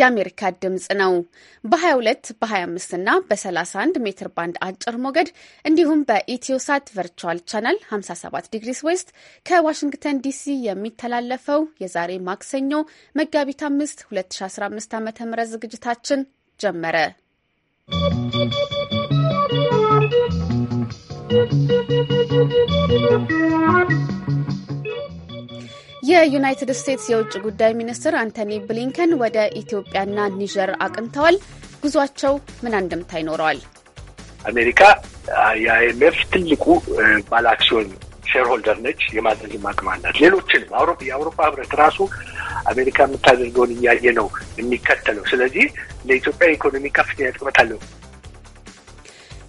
የአሜሪካ ድምፅ ነው። በ22 በ25 እና በ31 ሜትር ባንድ አጭር ሞገድ እንዲሁም በኢትዮሳት ቨርቹዋል ቻናል 57 ዲግሪስ ዌስት ከዋሽንግተን ዲሲ የሚተላለፈው የዛሬ ማክሰኞ መጋቢት 5 2015 ዓ ም ዝግጅታችን ጀመረ። ¶¶ የዩናይትድ ስቴትስ የውጭ ጉዳይ ሚኒስትር አንቶኒ ብሊንከን ወደ ኢትዮጵያና ኒጀር አቅንተዋል። ጉዟቸው ምን አንድምታ ይኖረዋል? አሜሪካ የአይኤምኤፍ ትልቁ ባለአክሲዮን ሼርሆልደር ነች። የማዘዝ አቅም አላት። ሌሎችንም የአውሮፓ ህብረት ራሱ አሜሪካ የምታደርገውን እያየ ነው የሚከተለው። ስለዚህ ለኢትዮጵያ ኢኮኖሚ ከፍተኛ ጥቅመት አለው።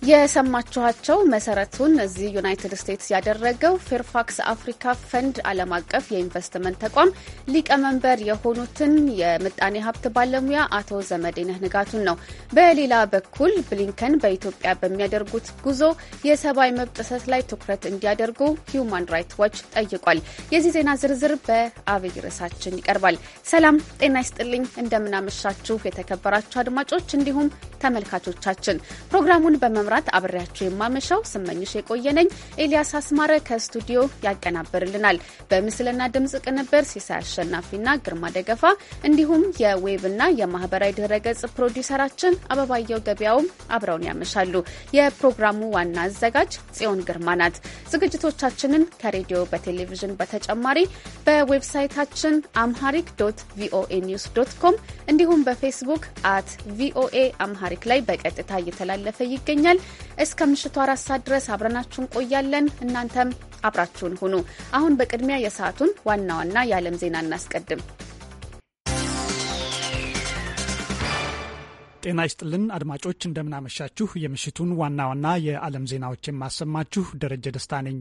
የሰማችኋቸው መሰረቱን እዚህ ዩናይትድ ስቴትስ ያደረገው ፌርፋክስ አፍሪካ ፈንድ ዓለም አቀፍ የኢንቨስትመንት ተቋም ሊቀመንበር የሆኑትን የምጣኔ ሀብት ባለሙያ አቶ ዘመዴነህ ንጋቱን ነው። በሌላ በኩል ብሊንከን በኢትዮጵያ በሚያደርጉት ጉዞ የሰብአዊ መብት ጥሰት ላይ ትኩረት እንዲያደርጉ ሂዩማን ራይትስ ዋች ጠይቋል። የዚህ ዜና ዝርዝር በአብይ ርዕሳችን ይቀርባል። ሰላም ጤና ይስጥልኝ። እንደምናመሻችሁ የተከበራችሁ አድማጮች እንዲሁም ተመልካቾቻችን ፕሮግራሙን በመ በመምራት አብሬያችሁ የማመሻው ስመኝሽ የቆየነኝ። ኤልያስ አስማረ ከስቱዲዮ ያቀናብርልናል። በምስልና ድምጽ ቅንብር ሲሳይ አሸናፊና ግርማ ደገፋ እንዲሁም የዌብና የማህበራዊ ድረገጽ ፕሮዲውሰራችን አበባየው ገበያውም አብረውን ያመሻሉ። የፕሮግራሙ ዋና አዘጋጅ ጽዮን ግርማ ናት። ዝግጅቶቻችንን ከሬዲዮ በቴሌቪዥን በተጨማሪ በዌብሳይታችን አምሃሪክ ዶት ቪኦኤ ኒውስ ዶት ኮም እንዲሁም በፌስቡክ አት ቪኦኤ አምሃሪክ ላይ በቀጥታ እየተላለፈ ይገኛል። እያልን እስከ ምሽቱ አራት ሰዓት ድረስ አብረናችሁን ቆያለን። እናንተም አብራችሁን ሁኑ። አሁን በቅድሚያ የሰዓቱን ዋና ዋና የዓለም ዜና እናስቀድም። ጤና ይስጥልን አድማጮች፣ እንደምናመሻችሁ። የምሽቱን ዋና ዋና የዓለም ዜናዎች የማሰማችሁ ደረጀ ደስታ ነኝ።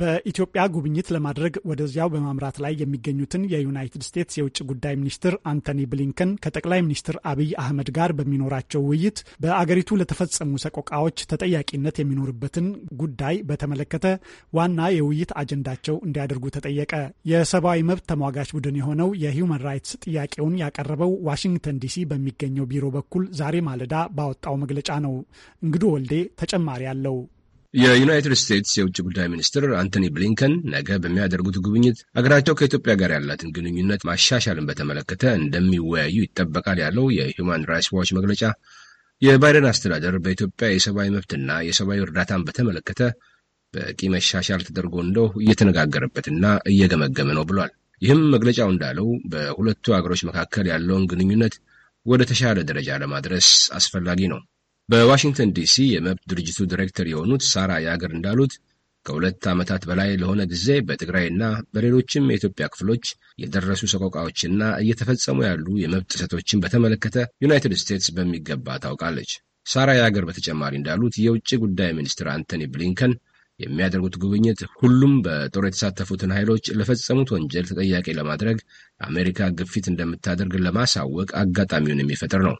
በኢትዮጵያ ጉብኝት ለማድረግ ወደዚያው በማምራት ላይ የሚገኙትን የዩናይትድ ስቴትስ የውጭ ጉዳይ ሚኒስትር አንቶኒ ብሊንከን ከጠቅላይ ሚኒስትር አብይ አህመድ ጋር በሚኖራቸው ውይይት በአገሪቱ ለተፈጸሙ ሰቆቃዎች ተጠያቂነት የሚኖርበትን ጉዳይ በተመለከተ ዋና የውይይት አጀንዳቸው እንዲያደርጉ ተጠየቀ። የሰብአዊ መብት ተሟጋች ቡድን የሆነው የሂውማን ራይትስ ጥያቄውን ያቀረበው ዋሽንግተን ዲሲ በሚገኘው ቢሮ በኩል ዛሬ ማለዳ ባወጣው መግለጫ ነው። እንግዱ ወልዴ ተጨማሪ አለው። የዩናይትድ ስቴትስ የውጭ ጉዳይ ሚኒስትር አንቶኒ ብሊንከን ነገ በሚያደርጉት ጉብኝት አገራቸው ከኢትዮጵያ ጋር ያላትን ግንኙነት ማሻሻልን በተመለከተ እንደሚወያዩ ይጠበቃል ያለው የሂውማን ራይትስ ዋች መግለጫ የባይደን አስተዳደር በኢትዮጵያ የሰብአዊ መብትና የሰብአዊ እርዳታን በተመለከተ በቂ መሻሻል ተደርጎ እንደው እየተነጋገረበትና እየገመገመ ነው ብሏል። ይህም መግለጫው እንዳለው በሁለቱ አገሮች መካከል ያለውን ግንኙነት ወደ ተሻለ ደረጃ ለማድረስ አስፈላጊ ነው። በዋሽንግተን ዲሲ የመብት ድርጅቱ ዲሬክተር የሆኑት ሳራ ያገር እንዳሉት ከሁለት ዓመታት በላይ ለሆነ ጊዜ በትግራይና በሌሎችም የኢትዮጵያ ክፍሎች የደረሱ ሰቆቃዎችና እየተፈጸሙ ያሉ የመብት ጥሰቶችን በተመለከተ ዩናይትድ ስቴትስ በሚገባ ታውቃለች። ሳራ የአገር በተጨማሪ እንዳሉት የውጭ ጉዳይ ሚኒስትር አንቶኒ ብሊንከን የሚያደርጉት ጉብኝት ሁሉም በጦር የተሳተፉትን ኃይሎች ለፈጸሙት ወንጀል ተጠያቂ ለማድረግ አሜሪካ ግፊት እንደምታደርግ ለማሳወቅ አጋጣሚውን የሚፈጥር ነው።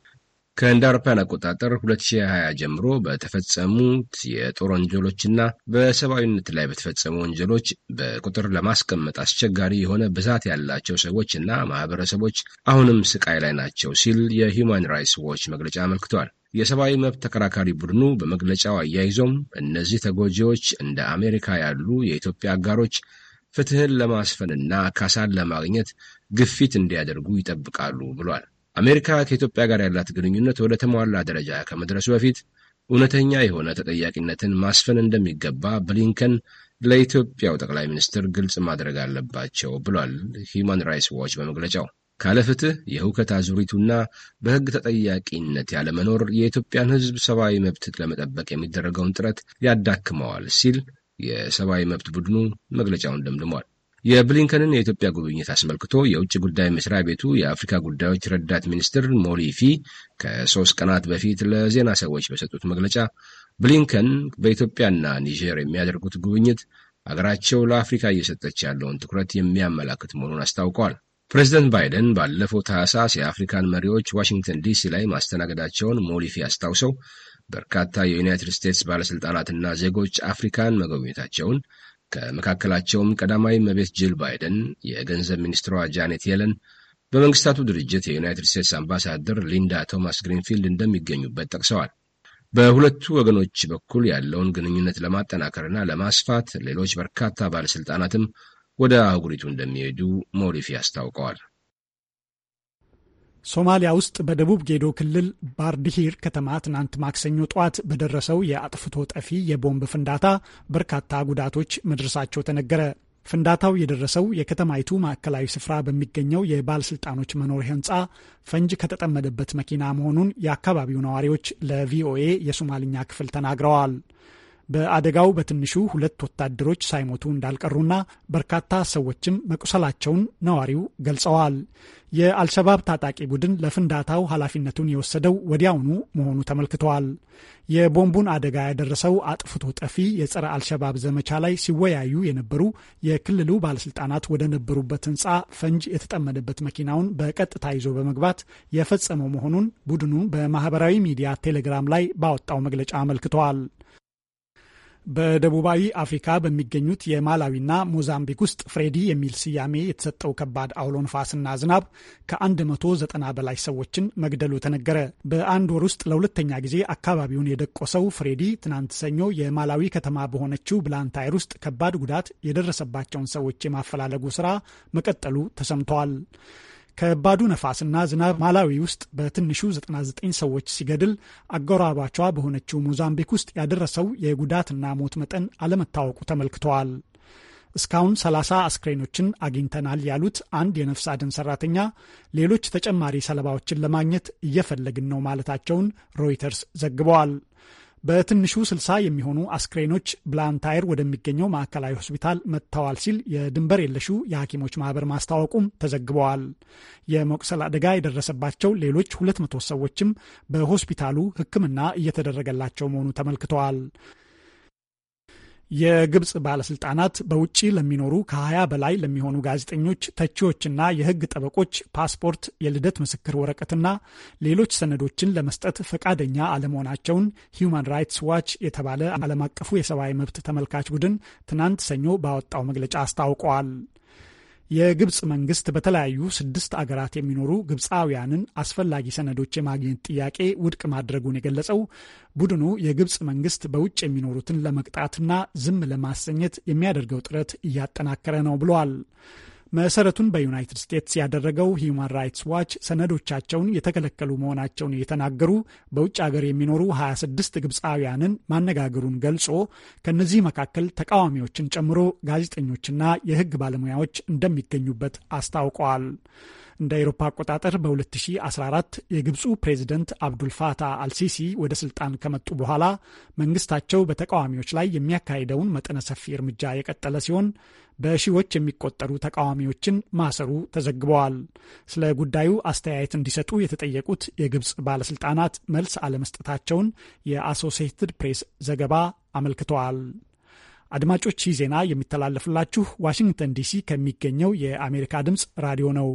ከእንደ አውሮፓውያን አቆጣጠር 2020 ጀምሮ በተፈጸሙት የጦር ወንጀሎችና በሰብአዊነት ላይ በተፈጸሙ ወንጀሎች በቁጥር ለማስቀመጥ አስቸጋሪ የሆነ ብዛት ያላቸው ሰዎች እና ማህበረሰቦች አሁንም ስቃይ ላይ ናቸው ሲል የሂውማን ራይትስ ዎች መግለጫ አመልክቷል። የሰብአዊ መብት ተከራካሪ ቡድኑ በመግለጫው አያይዞም እነዚህ ተጎጂዎች እንደ አሜሪካ ያሉ የኢትዮጵያ አጋሮች ፍትህን ለማስፈንና ካሳን ለማግኘት ግፊት እንዲያደርጉ ይጠብቃሉ ብሏል። አሜሪካ ከኢትዮጵያ ጋር ያላት ግንኙነት ወደ ተሟላ ደረጃ ከመድረሱ በፊት እውነተኛ የሆነ ተጠያቂነትን ማስፈን እንደሚገባ ብሊንከን ለኢትዮጵያው ጠቅላይ ሚኒስትር ግልጽ ማድረግ አለባቸው ብሏል ሂዩማን ራይትስ ዋች በመግለጫው። ካለፍትህ ፍትህ የሁከት አዙሪቱና በሕግ ተጠያቂነት ያለመኖር የኢትዮጵያን ሕዝብ ሰብአዊ መብት ለመጠበቅ የሚደረገውን ጥረት ያዳክመዋል ሲል የሰብአዊ መብት ቡድኑ መግለጫውን ደምድሟል። የብሊንከንን የኢትዮጵያ ጉብኝት አስመልክቶ የውጭ ጉዳይ መስሪያ ቤቱ የአፍሪካ ጉዳዮች ረዳት ሚኒስትር ሞሊፊ ከሶስት ቀናት በፊት ለዜና ሰዎች በሰጡት መግለጫ ብሊንከን በኢትዮጵያና ኒጀር የሚያደርጉት ጉብኝት አገራቸው ለአፍሪካ እየሰጠች ያለውን ትኩረት የሚያመላክት መሆኑን አስታውቋል። ፕሬዚደንት ባይደን ባለፈው ታህሳስ የአፍሪካን መሪዎች ዋሽንግተን ዲሲ ላይ ማስተናገዳቸውን ሞሊፊ አስታውሰው በርካታ የዩናይትድ ስቴትስ ባለሥልጣናትና ዜጎች አፍሪካን መጎብኘታቸውን ከመካከላቸውም ቀዳማዊ መቤት ጅል ባይደን፣ የገንዘብ ሚኒስትሯ ጃኔት የለን፣ በመንግስታቱ ድርጅት የዩናይትድ ስቴትስ አምባሳደር ሊንዳ ቶማስ ግሪንፊልድ እንደሚገኙበት ጠቅሰዋል። በሁለቱ ወገኖች በኩል ያለውን ግንኙነት ለማጠናከርና ለማስፋት ሌሎች በርካታ ባለሥልጣናትም ወደ አህጉሪቱ እንደሚሄዱ ሞሪፊ አስታውቀዋል። ሶማሊያ ውስጥ በደቡብ ጌዶ ክልል ባርድሂር ከተማ ትናንት ማክሰኞ ጠዋት በደረሰው የአጥፍቶ ጠፊ የቦምብ ፍንዳታ በርካታ ጉዳቶች መድረሳቸው ተነገረ። ፍንዳታው የደረሰው የከተማይቱ ማዕከላዊ ስፍራ በሚገኘው የባለሥልጣኖች መኖሪያ ሕንፃ ፈንጅ ከተጠመደበት መኪና መሆኑን የአካባቢው ነዋሪዎች ለቪኦኤ የሶማልኛ ክፍል ተናግረዋል። በአደጋው በትንሹ ሁለት ወታደሮች ሳይሞቱ እንዳልቀሩና በርካታ ሰዎችም መቁሰላቸውን ነዋሪው ገልጸዋል። የአልሸባብ ታጣቂ ቡድን ለፍንዳታው ኃላፊነቱን የወሰደው ወዲያውኑ መሆኑ ተመልክተዋል። የቦምቡን አደጋ ያደረሰው አጥፍቶ ጠፊ የጸረ አልሸባብ ዘመቻ ላይ ሲወያዩ የነበሩ የክልሉ ባለስልጣናት ወደ ነበሩበት ህንፃ ፈንጅ የተጠመደበት መኪናውን በቀጥታ ይዞ በመግባት የፈጸመው መሆኑን ቡድኑ በማህበራዊ ሚዲያ ቴሌግራም ላይ ባወጣው መግለጫ አመልክተዋል። በደቡባዊ አፍሪካ በሚገኙት የማላዊና ሞዛምቢክ ውስጥ ፍሬዲ የሚል ስያሜ የተሰጠው ከባድ አውሎ ንፋስና ዝናብ ከ190 በላይ ሰዎችን መግደሉ ተነገረ። በአንድ ወር ውስጥ ለሁለተኛ ጊዜ አካባቢውን የደቆሰው ፍሬዲ ትናንት ሰኞ የማላዊ ከተማ በሆነችው ብላንታይር ውስጥ ከባድ ጉዳት የደረሰባቸውን ሰዎች የማፈላለጉ ስራ መቀጠሉ ተሰምተዋል። ከባዱ ነፋስና ዝናብ ማላዊ ውስጥ በትንሹ 99 ሰዎች ሲገድል አጎራባቿ በሆነችው ሞዛምቢክ ውስጥ ያደረሰው የጉዳትና ሞት መጠን አለመታወቁ ተመልክተዋል። እስካሁን 30 አስክሬኖችን አግኝተናል ያሉት አንድ የነፍስ አድን ሰራተኛ ሌሎች ተጨማሪ ሰለባዎችን ለማግኘት እየፈለግን ነው ማለታቸውን ሮይተርስ ዘግበዋል። በትንሹ 60 የሚሆኑ አስክሬኖች ብላንታይር ወደሚገኘው ማዕከላዊ ሆስፒታል መጥተዋል ሲል የድንበር የለሹ የሐኪሞች ማህበር ማስታወቁም ተዘግበዋል። የመቁሰል አደጋ የደረሰባቸው ሌሎች 200 ሰዎችም በሆስፒታሉ ሕክምና እየተደረገላቸው መሆኑ ተመልክተዋል። የግብፅ ባለስልጣናት በውጭ ለሚኖሩ ከ20 በላይ ለሚሆኑ ጋዜጠኞች፣ ተቺዎችና የህግ ጠበቆች ፓስፖርት፣ የልደት ምስክር ወረቀትና ሌሎች ሰነዶችን ለመስጠት ፈቃደኛ አለመሆናቸውን ሂዩማን ራይትስ ዋች የተባለ ዓለም አቀፉ የሰብአዊ መብት ተመልካች ቡድን ትናንት ሰኞ ባወጣው መግለጫ አስታውቀዋል። የግብፅ መንግስት በተለያዩ ስድስት አገራት የሚኖሩ ግብፃውያንን አስፈላጊ ሰነዶች የማግኘት ጥያቄ ውድቅ ማድረጉን የገለጸው ቡድኑ የግብፅ መንግስት በውጭ የሚኖሩትን ለመቅጣትና ዝም ለማሰኘት የሚያደርገው ጥረት እያጠናከረ ነው ብለዋል። መሰረቱን በዩናይትድ ስቴትስ ያደረገው ሂዩማን ራይትስ ዋች ሰነዶቻቸውን የተከለከሉ መሆናቸውን የተናገሩ በውጭ ሀገር የሚኖሩ 26 ግብፃውያንን ማነጋገሩን ገልጾ ከእነዚህ መካከል ተቃዋሚዎችን ጨምሮ ጋዜጠኞችና የሕግ ባለሙያዎች እንደሚገኙበት አስታውቀዋል። እንደ አውሮፓ አቆጣጠር በ2014 የግብፁ ፕሬዚደንት አብዱልፋታ አልሲሲ ወደ ስልጣን ከመጡ በኋላ መንግስታቸው በተቃዋሚዎች ላይ የሚያካሂደውን መጠነ ሰፊ እርምጃ የቀጠለ ሲሆን በሺዎች የሚቆጠሩ ተቃዋሚዎችን ማሰሩ ተዘግበዋል። ስለ ጉዳዩ አስተያየት እንዲሰጡ የተጠየቁት የግብፅ ባለስልጣናት መልስ አለመስጠታቸውን የአሶሲየትድ ፕሬስ ዘገባ አመልክተዋል። አድማጮች ይህ ዜና የሚተላለፍላችሁ ዋሽንግተን ዲሲ ከሚገኘው የአሜሪካ ድምፅ ራዲዮ ነው።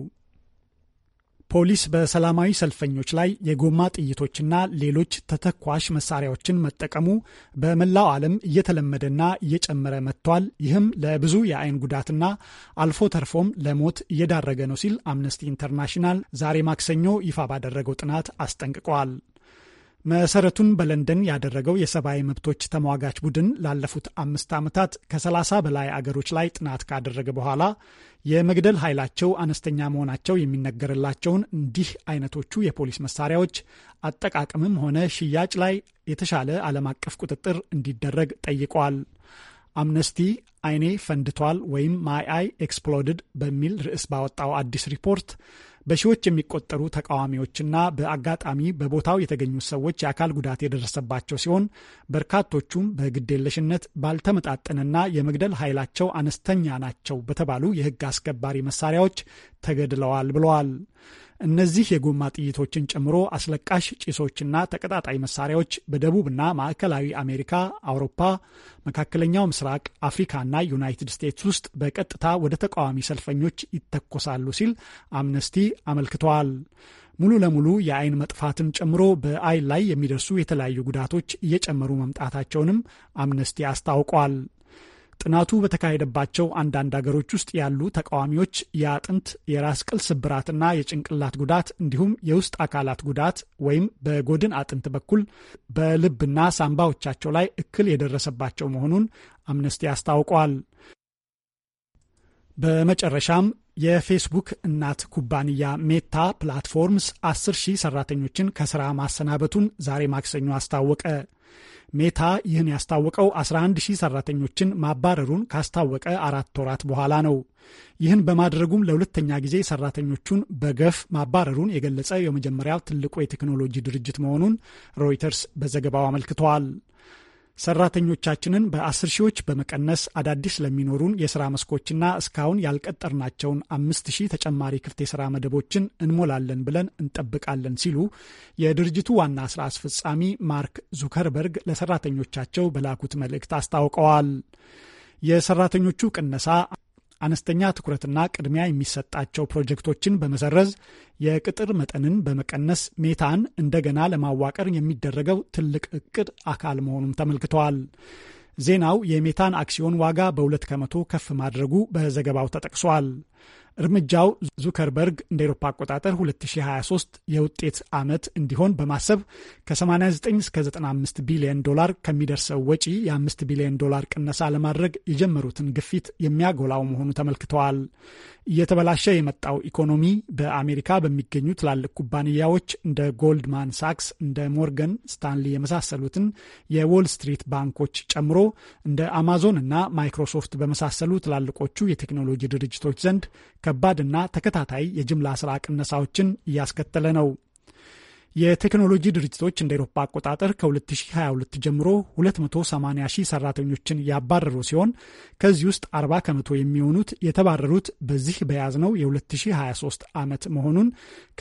ፖሊስ በሰላማዊ ሰልፈኞች ላይ የጎማ ጥይቶችና ሌሎች ተተኳሽ መሳሪያዎችን መጠቀሙ በመላው ዓለም እየተለመደና እየጨመረ መጥቷል። ይህም ለብዙ የአይን ጉዳትና አልፎ ተርፎም ለሞት እየዳረገ ነው ሲል አምነስቲ ኢንተርናሽናል ዛሬ ማክሰኞ ይፋ ባደረገው ጥናት አስጠንቅቀዋል። መሰረቱን በለንደን ያደረገው የሰብአዊ መብቶች ተሟጋች ቡድን ላለፉት አምስት ዓመታት ከ30 በላይ አገሮች ላይ ጥናት ካደረገ በኋላ የመግደል ኃይላቸው አነስተኛ መሆናቸው የሚነገርላቸውን እንዲህ አይነቶቹ የፖሊስ መሳሪያዎች አጠቃቀምም ሆነ ሽያጭ ላይ የተሻለ ዓለም አቀፍ ቁጥጥር እንዲደረግ ጠይቋል። አምነስቲ አይኔ ፈንድቷል ወይም ማይ አይ ኤክስፕሎድድ በሚል ርዕስ ባወጣው አዲስ ሪፖርት በሺዎች የሚቆጠሩ ተቃዋሚዎችና በአጋጣሚ በቦታው የተገኙ ሰዎች የአካል ጉዳት የደረሰባቸው ሲሆን በርካቶቹም በግዴለሽነት ባልተመጣጠነና የመግደል ኃይላቸው አነስተኛ ናቸው በተባሉ የሕግ አስከባሪ መሳሪያዎች ተገድለዋል ብለዋል። እነዚህ የጎማ ጥይቶችን ጨምሮ አስለቃሽ ጭሶችና ተቀጣጣይ መሳሪያዎች በደቡብና ማዕከላዊ አሜሪካ፣ አውሮፓ፣ መካከለኛው ምስራቅ፣ አፍሪካና ዩናይትድ ስቴትስ ውስጥ በቀጥታ ወደ ተቃዋሚ ሰልፈኞች ይተኮሳሉ ሲል አምነስቲ አመልክተዋል። ሙሉ ለሙሉ የአይን መጥፋትን ጨምሮ በአይን ላይ የሚደርሱ የተለያዩ ጉዳቶች እየጨመሩ መምጣታቸውንም አምነስቲ አስታውቋል። ጥናቱ በተካሄደባቸው አንዳንድ አገሮች ውስጥ ያሉ ተቃዋሚዎች የአጥንት የራስ ቅል ስብራትና የጭንቅላት ጉዳት እንዲሁም የውስጥ አካላት ጉዳት ወይም በጎድን አጥንት በኩል በልብና ሳምባዎቻቸው ላይ እክል የደረሰባቸው መሆኑን አምነስቲ አስታውቋል። በመጨረሻም የፌስቡክ እናት ኩባንያ ሜታ ፕላትፎርምስ አስር ሺህ ሰራተኞችን ከስራ ማሰናበቱን ዛሬ ማክሰኞ አስታወቀ። ሜታ ይህን ያስታወቀው 11 ሺህ ሰራተኞችን ማባረሩን ካስታወቀ አራት ወራት በኋላ ነው። ይህን በማድረጉም ለሁለተኛ ጊዜ ሰራተኞቹን በገፍ ማባረሩን የገለጸ የመጀመሪያው ትልቁ የቴክኖሎጂ ድርጅት መሆኑን ሮይተርስ በዘገባው አመልክተዋል። ሰራተኞቻችንን በአስር ሺዎች በመቀነስ አዳዲስ ለሚኖሩን የስራ መስኮችና እስካሁን ያልቀጠርናቸውን አምስት ሺህ ተጨማሪ ክፍት የስራ መደቦችን እንሞላለን ብለን እንጠብቃለን ሲሉ የድርጅቱ ዋና ስራ አስፈጻሚ ማርክ ዙከርበርግ ለሰራተኞቻቸው በላኩት መልእክት አስታውቀዋል። የሰራተኞቹ ቅነሳ አነስተኛ ትኩረትና ቅድሚያ የሚሰጣቸው ፕሮጀክቶችን በመሰረዝ የቅጥር መጠንን በመቀነስ ሜታን እንደገና ለማዋቀር የሚደረገው ትልቅ እቅድ አካል መሆኑም ተመልክተዋል። ዜናው የሜታን አክሲዮን ዋጋ በሁለት ከመቶ ከፍ ማድረጉ በዘገባው ተጠቅሷል። እርምጃው ዙከርበርግ እንደ ኤሮፓ አቆጣጠር 2023 የውጤት ዓመት እንዲሆን በማሰብ ከ89 እስከ 95 ቢሊዮን ዶላር ከሚደርሰው ወጪ የ5 ቢሊዮን ዶላር ቅነሳ ለማድረግ የጀመሩትን ግፊት የሚያጎላው መሆኑ ተመልክተዋል። እየተበላሸ የመጣው ኢኮኖሚ በአሜሪካ በሚገኙ ትላልቅ ኩባንያዎች እንደ ጎልድማን ሳክስ፣ እንደ ሞርገን ስታንሊ የመሳሰሉትን የዎል ስትሪት ባንኮች ጨምሮ እንደ አማዞን እና ማይክሮሶፍት በመሳሰሉ ትላልቆቹ የቴክኖሎጂ ድርጅቶች ዘንድ ከባድና ተከታታይ የጅምላ ስራ ቅነሳዎችን እያስከተለ ነው። የቴክኖሎጂ ድርጅቶች እንደ ኤሮፓ አቆጣጠር ከ2022 ጀምሮ 280 ሺህ ሰራተኞችን ያባረሩ ሲሆን ከዚህ ውስጥ 40 ከመቶ የሚሆኑት የተባረሩት በዚህ በያዝነው የ2023 ዓመት መሆኑን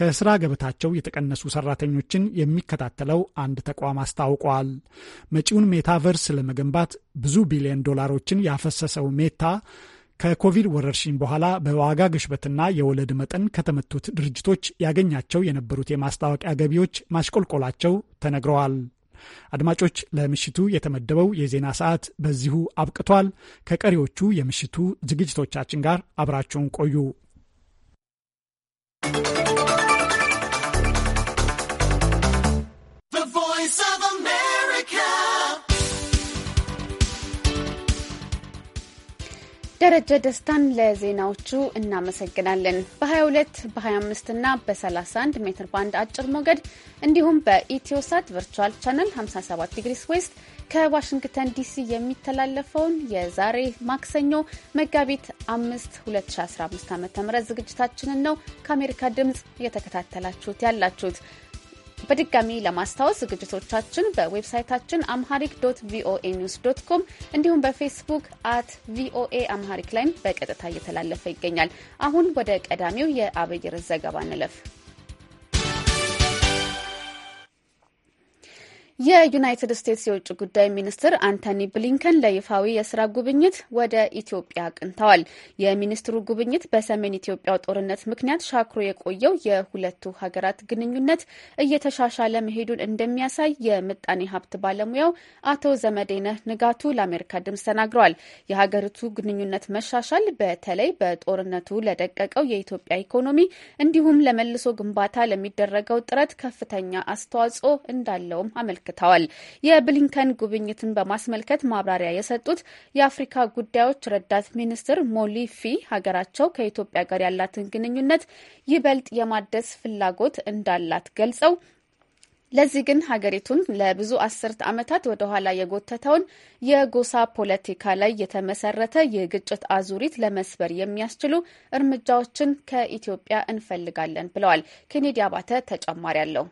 ከስራ ገበታቸው የተቀነሱ ሰራተኞችን የሚከታተለው አንድ ተቋም አስታውቋል። መጪውን ሜታቨርስ ለመገንባት ብዙ ቢሊዮን ዶላሮችን ያፈሰሰው ሜታ ከኮቪድ ወረርሽኝ በኋላ በዋጋ ግሽበትና የወለድ መጠን ከተመቱት ድርጅቶች ያገኛቸው የነበሩት የማስታወቂያ ገቢዎች ማሽቆልቆላቸው ተነግረዋል። አድማጮች፣ ለምሽቱ የተመደበው የዜና ሰዓት በዚሁ አብቅቷል። ከቀሪዎቹ የምሽቱ ዝግጅቶቻችን ጋር አብራችሁን ቆዩ። ደረጀ ደስታን ለዜናዎቹ እናመሰግናለን። በ22 በ25 እና በ31 ሜትር ባንድ አጭር ሞገድ እንዲሁም በኢትዮሳት ቨርቹዋል ቻነል 57 ዲግሪስ ዌስት ከዋሽንግተን ዲሲ የሚተላለፈውን የዛሬ ማክሰኞ መጋቢት 5 2015 ዓ ም ዝግጅታችንን ነው ከአሜሪካ ድምፅ እየተከታተላችሁት ያላችሁት። በድጋሚ ለማስታወስ ዝግጅቶቻችን በዌብሳይታችን አምሃሪክ ዶት ቪኦኤ ኒውስ ዶት ኮም እንዲሁም በፌስቡክ አት ቪኦኤ አምሃሪክ ላይም በቀጥታ እየተላለፈ ይገኛል። አሁን ወደ ቀዳሚው የአብይር ዘገባ እንለፍ። የዩናይትድ ስቴትስ የውጭ ጉዳይ ሚኒስትር አንቶኒ ብሊንከን ለይፋዊ የስራ ጉብኝት ወደ ኢትዮጵያ አቅንተዋል። የሚኒስትሩ ጉብኝት በሰሜን ኢትዮጵያው ጦርነት ምክንያት ሻክሮ የቆየው የሁለቱ ሀገራት ግንኙነት እየተሻሻለ መሄዱን እንደሚያሳይ የምጣኔ ሀብት ባለሙያው አቶ ዘመዴነህ ንጋቱ ለአሜሪካ ድምጽ ተናግረዋል። የሀገሪቱ ግንኙነት መሻሻል በተለይ በጦርነቱ ለደቀቀው የኢትዮጵያ ኢኮኖሚ እንዲሁም ለመልሶ ግንባታ ለሚደረገው ጥረት ከፍተኛ አስተዋጽኦ እንዳለውም አመልክ አመልክተዋል። የብሊንከን ጉብኝትን በማስመልከት ማብራሪያ የሰጡት የአፍሪካ ጉዳዮች ረዳት ሚኒስትር ሞሊፊ ሀገራቸው ከኢትዮጵያ ጋር ያላትን ግንኙነት ይበልጥ የማደስ ፍላጎት እንዳላት ገልጸው ለዚህ ግን ሀገሪቱን ለብዙ አስርት ዓመታት ወደ ኋላ የጎተተውን የጎሳ ፖለቲካ ላይ የተመሰረተ የግጭት አዙሪት ለመስበር የሚያስችሉ እርምጃዎችን ከኢትዮጵያ እንፈልጋለን ብለዋል። ኬኔዲ አባተ ተጨማሪ አለው።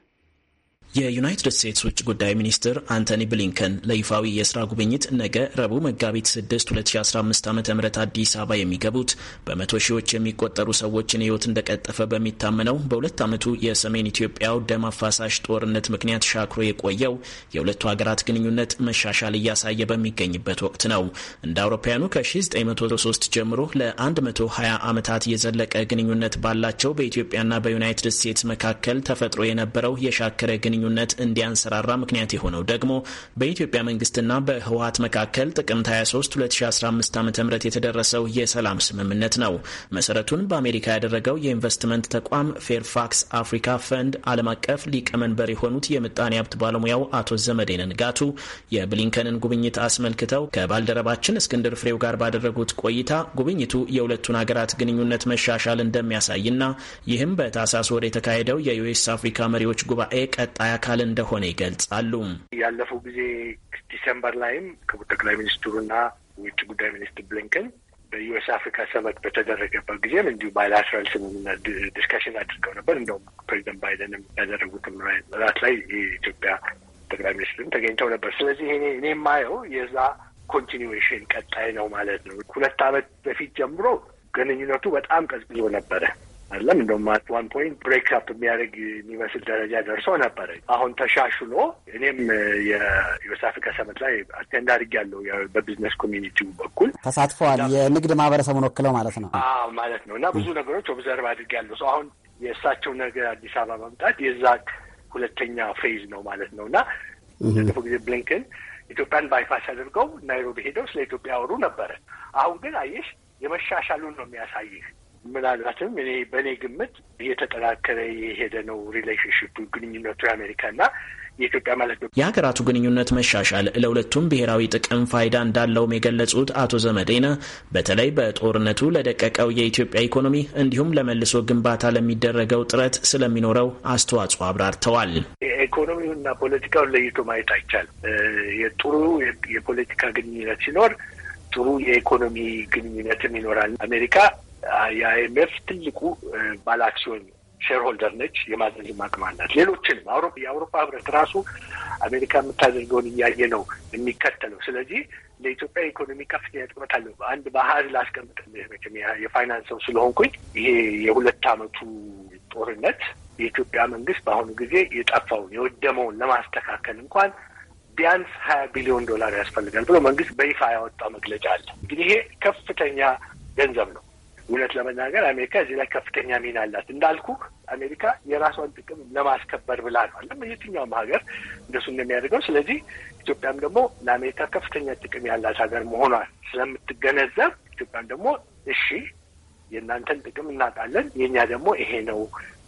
የዩናይትድ ስቴትስ ውጭ ጉዳይ ሚኒስትር አንቶኒ ብሊንከን ለይፋዊ የስራ ጉብኝት ነገ ረቡዕ መጋቢት 6 2015 ዓ ም አዲስ አበባ የሚገቡት በመቶ ሺዎች የሚቆጠሩ ሰዎችን ህይወት እንደቀጠፈ በሚታመነው በሁለት ዓመቱ የሰሜን ኢትዮጵያው ደም አፋሳሽ ጦርነት ምክንያት ሻክሮ የቆየው የሁለቱ ሀገራት ግንኙነት መሻሻል እያሳየ በሚገኝበት ወቅት ነው። እንደ አውሮፓውያኑ ከ1903 ጀምሮ ለ120 ዓመታት የዘለቀ ግንኙነት ባላቸው በኢትዮጵያና በዩናይትድ ስቴትስ መካከል ተፈጥሮ የነበረው የሻከረ ግንኙነት ግንኙነት እንዲያንሰራራ ምክንያት የሆነው ደግሞ በኢትዮጵያ መንግስትና በህወሀት መካከል ጥቅምት 23 2015 ዓ ም የተደረሰው የሰላም ስምምነት ነው። መሰረቱን በአሜሪካ ያደረገው የኢንቨስትመንት ተቋም ፌርፋክስ አፍሪካ ፈንድ ዓለም አቀፍ ሊቀመንበር የሆኑት የምጣኔ ሀብት ባለሙያው አቶ ዘመዴን ንጋቱ የብሊንከንን ጉብኝት አስመልክተው ከባልደረባችን እስክንድር ፍሬው ጋር ባደረጉት ቆይታ ጉብኝቱ የሁለቱን ሀገራት ግንኙነት መሻሻል እንደሚያሳይና ይህም በታህሳስ ወር የተካሄደው የዩኤስ አፍሪካ መሪዎች ጉባኤ ቀጣይ ተዋናይ አካል እንደሆነ ይገልጻሉ። ያለፈው ጊዜ ዲሰምበር ላይም ክቡር ጠቅላይ ሚኒስትሩና ውጭ ጉዳይ ሚኒስትር ብሊንከን በዩኤስ አፍሪካ ሰመት በተደረገበት ጊዜም እንዲሁ ባይላትራል ስምምነት ዲስካሽን አድርገው ነበር። እንደውም ፕሬዚደንት ባይደንም ያደረጉትም ራት ላይ የኢትዮጵያ ጠቅላይ ሚኒስትርም ተገኝተው ነበር። ስለዚህ እኔ እኔ የማየው የዛ ኮንቲኒዌሽን ቀጣይ ነው ማለት ነው። ሁለት ዓመት በፊት ጀምሮ ግንኙነቱ በጣም ቀዝቅዞ ነበረ። አለም እንደውም አት ዋን ፖይንት ብሬክ አፕ የሚያደርግ የሚመስል ደረጃ ደርሶ ነበረ። አሁን ተሻሽሎ እኔም የዌስት አፍሪካ ሰመት ላይ አቴንድ አድርጊያለሁ በቢዝነስ ኮሚኒቲው በኩል ተሳትፈዋል። የንግድ ማህበረሰቡን ወክለው ማለት ነው ማለት ነው እና ብዙ ነገሮች ኦብዘርቭ አድርጊያለሁ። ሰው አሁን የእሳቸው ነገር አዲስ አበባ መምጣት የዛ ሁለተኛ ፌዝ ነው ማለት ነው እና ያለፈው ጊዜ ብሊንከን ኢትዮጵያን ባይፓስ አድርገው ናይሮቢ ሄደው ስለ ኢትዮጵያ አወሩ ነበረ። አሁን ግን አየሽ የመሻሻሉን ነው የሚያሳይህ ምናልባትም እኔ በእኔ ግምት እየተጠናከረ የሄደ ነው ሪሌሽንሽፕ ግንኙነቱ የአሜሪካና የኢትዮጵያ ማለት ነው። የሀገራቱ ግንኙነት መሻሻል ለሁለቱም ብሔራዊ ጥቅም ፋይዳ እንዳለውም የገለጹት አቶ ዘመዴነ በተለይ በጦርነቱ ለደቀቀው የኢትዮጵያ ኢኮኖሚ እንዲሁም ለመልሶ ግንባታ ለሚደረገው ጥረት ስለሚኖረው አስተዋጽኦ አብራርተዋል። ኢኮኖሚውና ፖለቲካውን ለይቶ ማየት አይቻልም። የጥሩ የፖለቲካ ግንኙነት ሲኖር ጥሩ የኢኮኖሚ ግንኙነትም ይኖራል። አሜሪካ የአይኤምኤፍ ትልቁ ባለአክሲዮን ሼርሆልደር ነች። የማዘዝም አቅም አላት። ሌሎችንም የአውሮፓ ህብረት ራሱ አሜሪካ የምታደርገውን እያየ ነው የሚከተለው። ስለዚህ ለኢትዮጵያ ኢኮኖሚ ከፍተኛ ጥቅመት አለው። አንድ በአሀዝ ላስቀምጥ፣ የፋይናንስ ሰው ስለሆንኩኝ ይሄ የሁለት አመቱ ጦርነት የኢትዮጵያ መንግስት በአሁኑ ጊዜ የጠፋውን የወደመውን ለማስተካከል እንኳን ቢያንስ ሀያ ቢሊዮን ዶላር ያስፈልጋል ብሎ መንግስት በይፋ ያወጣው መግለጫ አለ። እንግዲህ ይሄ ከፍተኛ ገንዘብ ነው። እውነት ለመናገር አሜሪካ እዚህ ላይ ከፍተኛ ሚና አላት። እንዳልኩ አሜሪካ የራሷን ጥቅም ለማስከበር ብላ ነው አለም የትኛውም ሀገር እንደሱ እንደሚያደርገው። ስለዚህ ኢትዮጵያም ደግሞ ለአሜሪካ ከፍተኛ ጥቅም ያላት ሀገር መሆኗን ስለምትገነዘብ ኢትዮጵያም ደግሞ እሺ የእናንተን ጥቅም እናውቃለን፣ የእኛ ደግሞ ይሄ ነው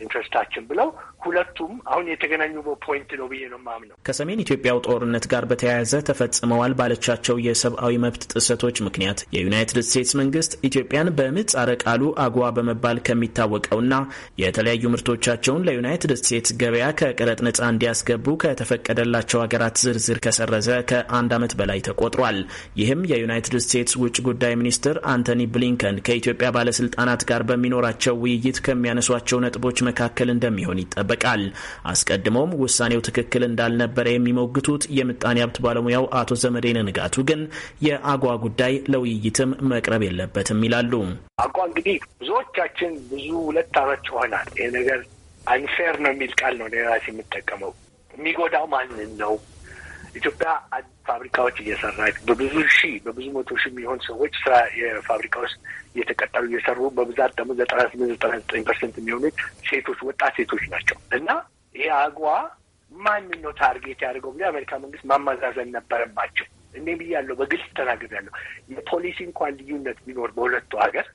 ኢንትረስታችን ብለው ሁለቱም አሁን የተገናኙ ፖይንት ነው ብዬ ነው የማምነው። ከሰሜን ኢትዮጵያው ጦርነት ጋር በተያያዘ ተፈጽመዋል ባለቻቸው የሰብአዊ መብት ጥሰቶች ምክንያት የዩናይትድ ስቴትስ መንግስት ኢትዮጵያን በምህጻረ ቃሉ አግዋ በመባል ከሚታወቀውና የተለያዩ ምርቶቻቸውን ለዩናይትድ ስቴትስ ገበያ ከቀረጥ ነጻ እንዲያስገቡ ከተፈቀደላቸው ሀገራት ዝርዝር ከሰረዘ ከአንድ ዓመት በላይ ተቆጥሯል። ይህም የዩናይትድ ስቴትስ ውጭ ጉዳይ ሚኒስትር አንቶኒ ብሊንከን ከኢትዮጵያ ባለስልጣናት ጋር በሚኖራቸው ውይይት ከሚያነሷቸው ነጥቦች መካከል እንደሚሆን ይጠበቃል። አስቀድሞም ውሳኔው ትክክል እንዳልነበረ የሚሞግቱት የምጣኔ ሀብት ባለሙያው አቶ ዘመዴነ ንጋቱ ግን የአጓ ጉዳይ ለውይይትም መቅረብ የለበትም ይላሉ። አጓ እንግዲህ ብዙዎቻችን ብዙ ሁለት አመት ይሆናል ይህ ነገር አንፌር ነው የሚል ቃል ነው ራሴ የምጠቀመው። የሚጎዳው ማንን ነው? ኢትዮጵያ ፋብሪካዎች እየሰራች በብዙ ሺህ በብዙ መቶ ሺህ የሚሆን ሰዎች ስራ የፋብሪካ ውስጥ እየተቀጠሩ እየሰሩ በብዛት ደግሞ ዘጠና ስምንት ዘጠና ዘጠኝ ፐርሰንት የሚሆኑት ሴቶች ወጣት ሴቶች ናቸው እና ይሄ አግዋ ማን ነው ታርጌት ያደርገው ብሎ የአሜሪካ መንግስት ማመዛዘን ነበረባቸው። እኔ ብያለሁ፣ በግልጽ ተናግሬያለሁ። የፖሊሲ እንኳን ልዩነት ቢኖር በሁለቱ ሀገር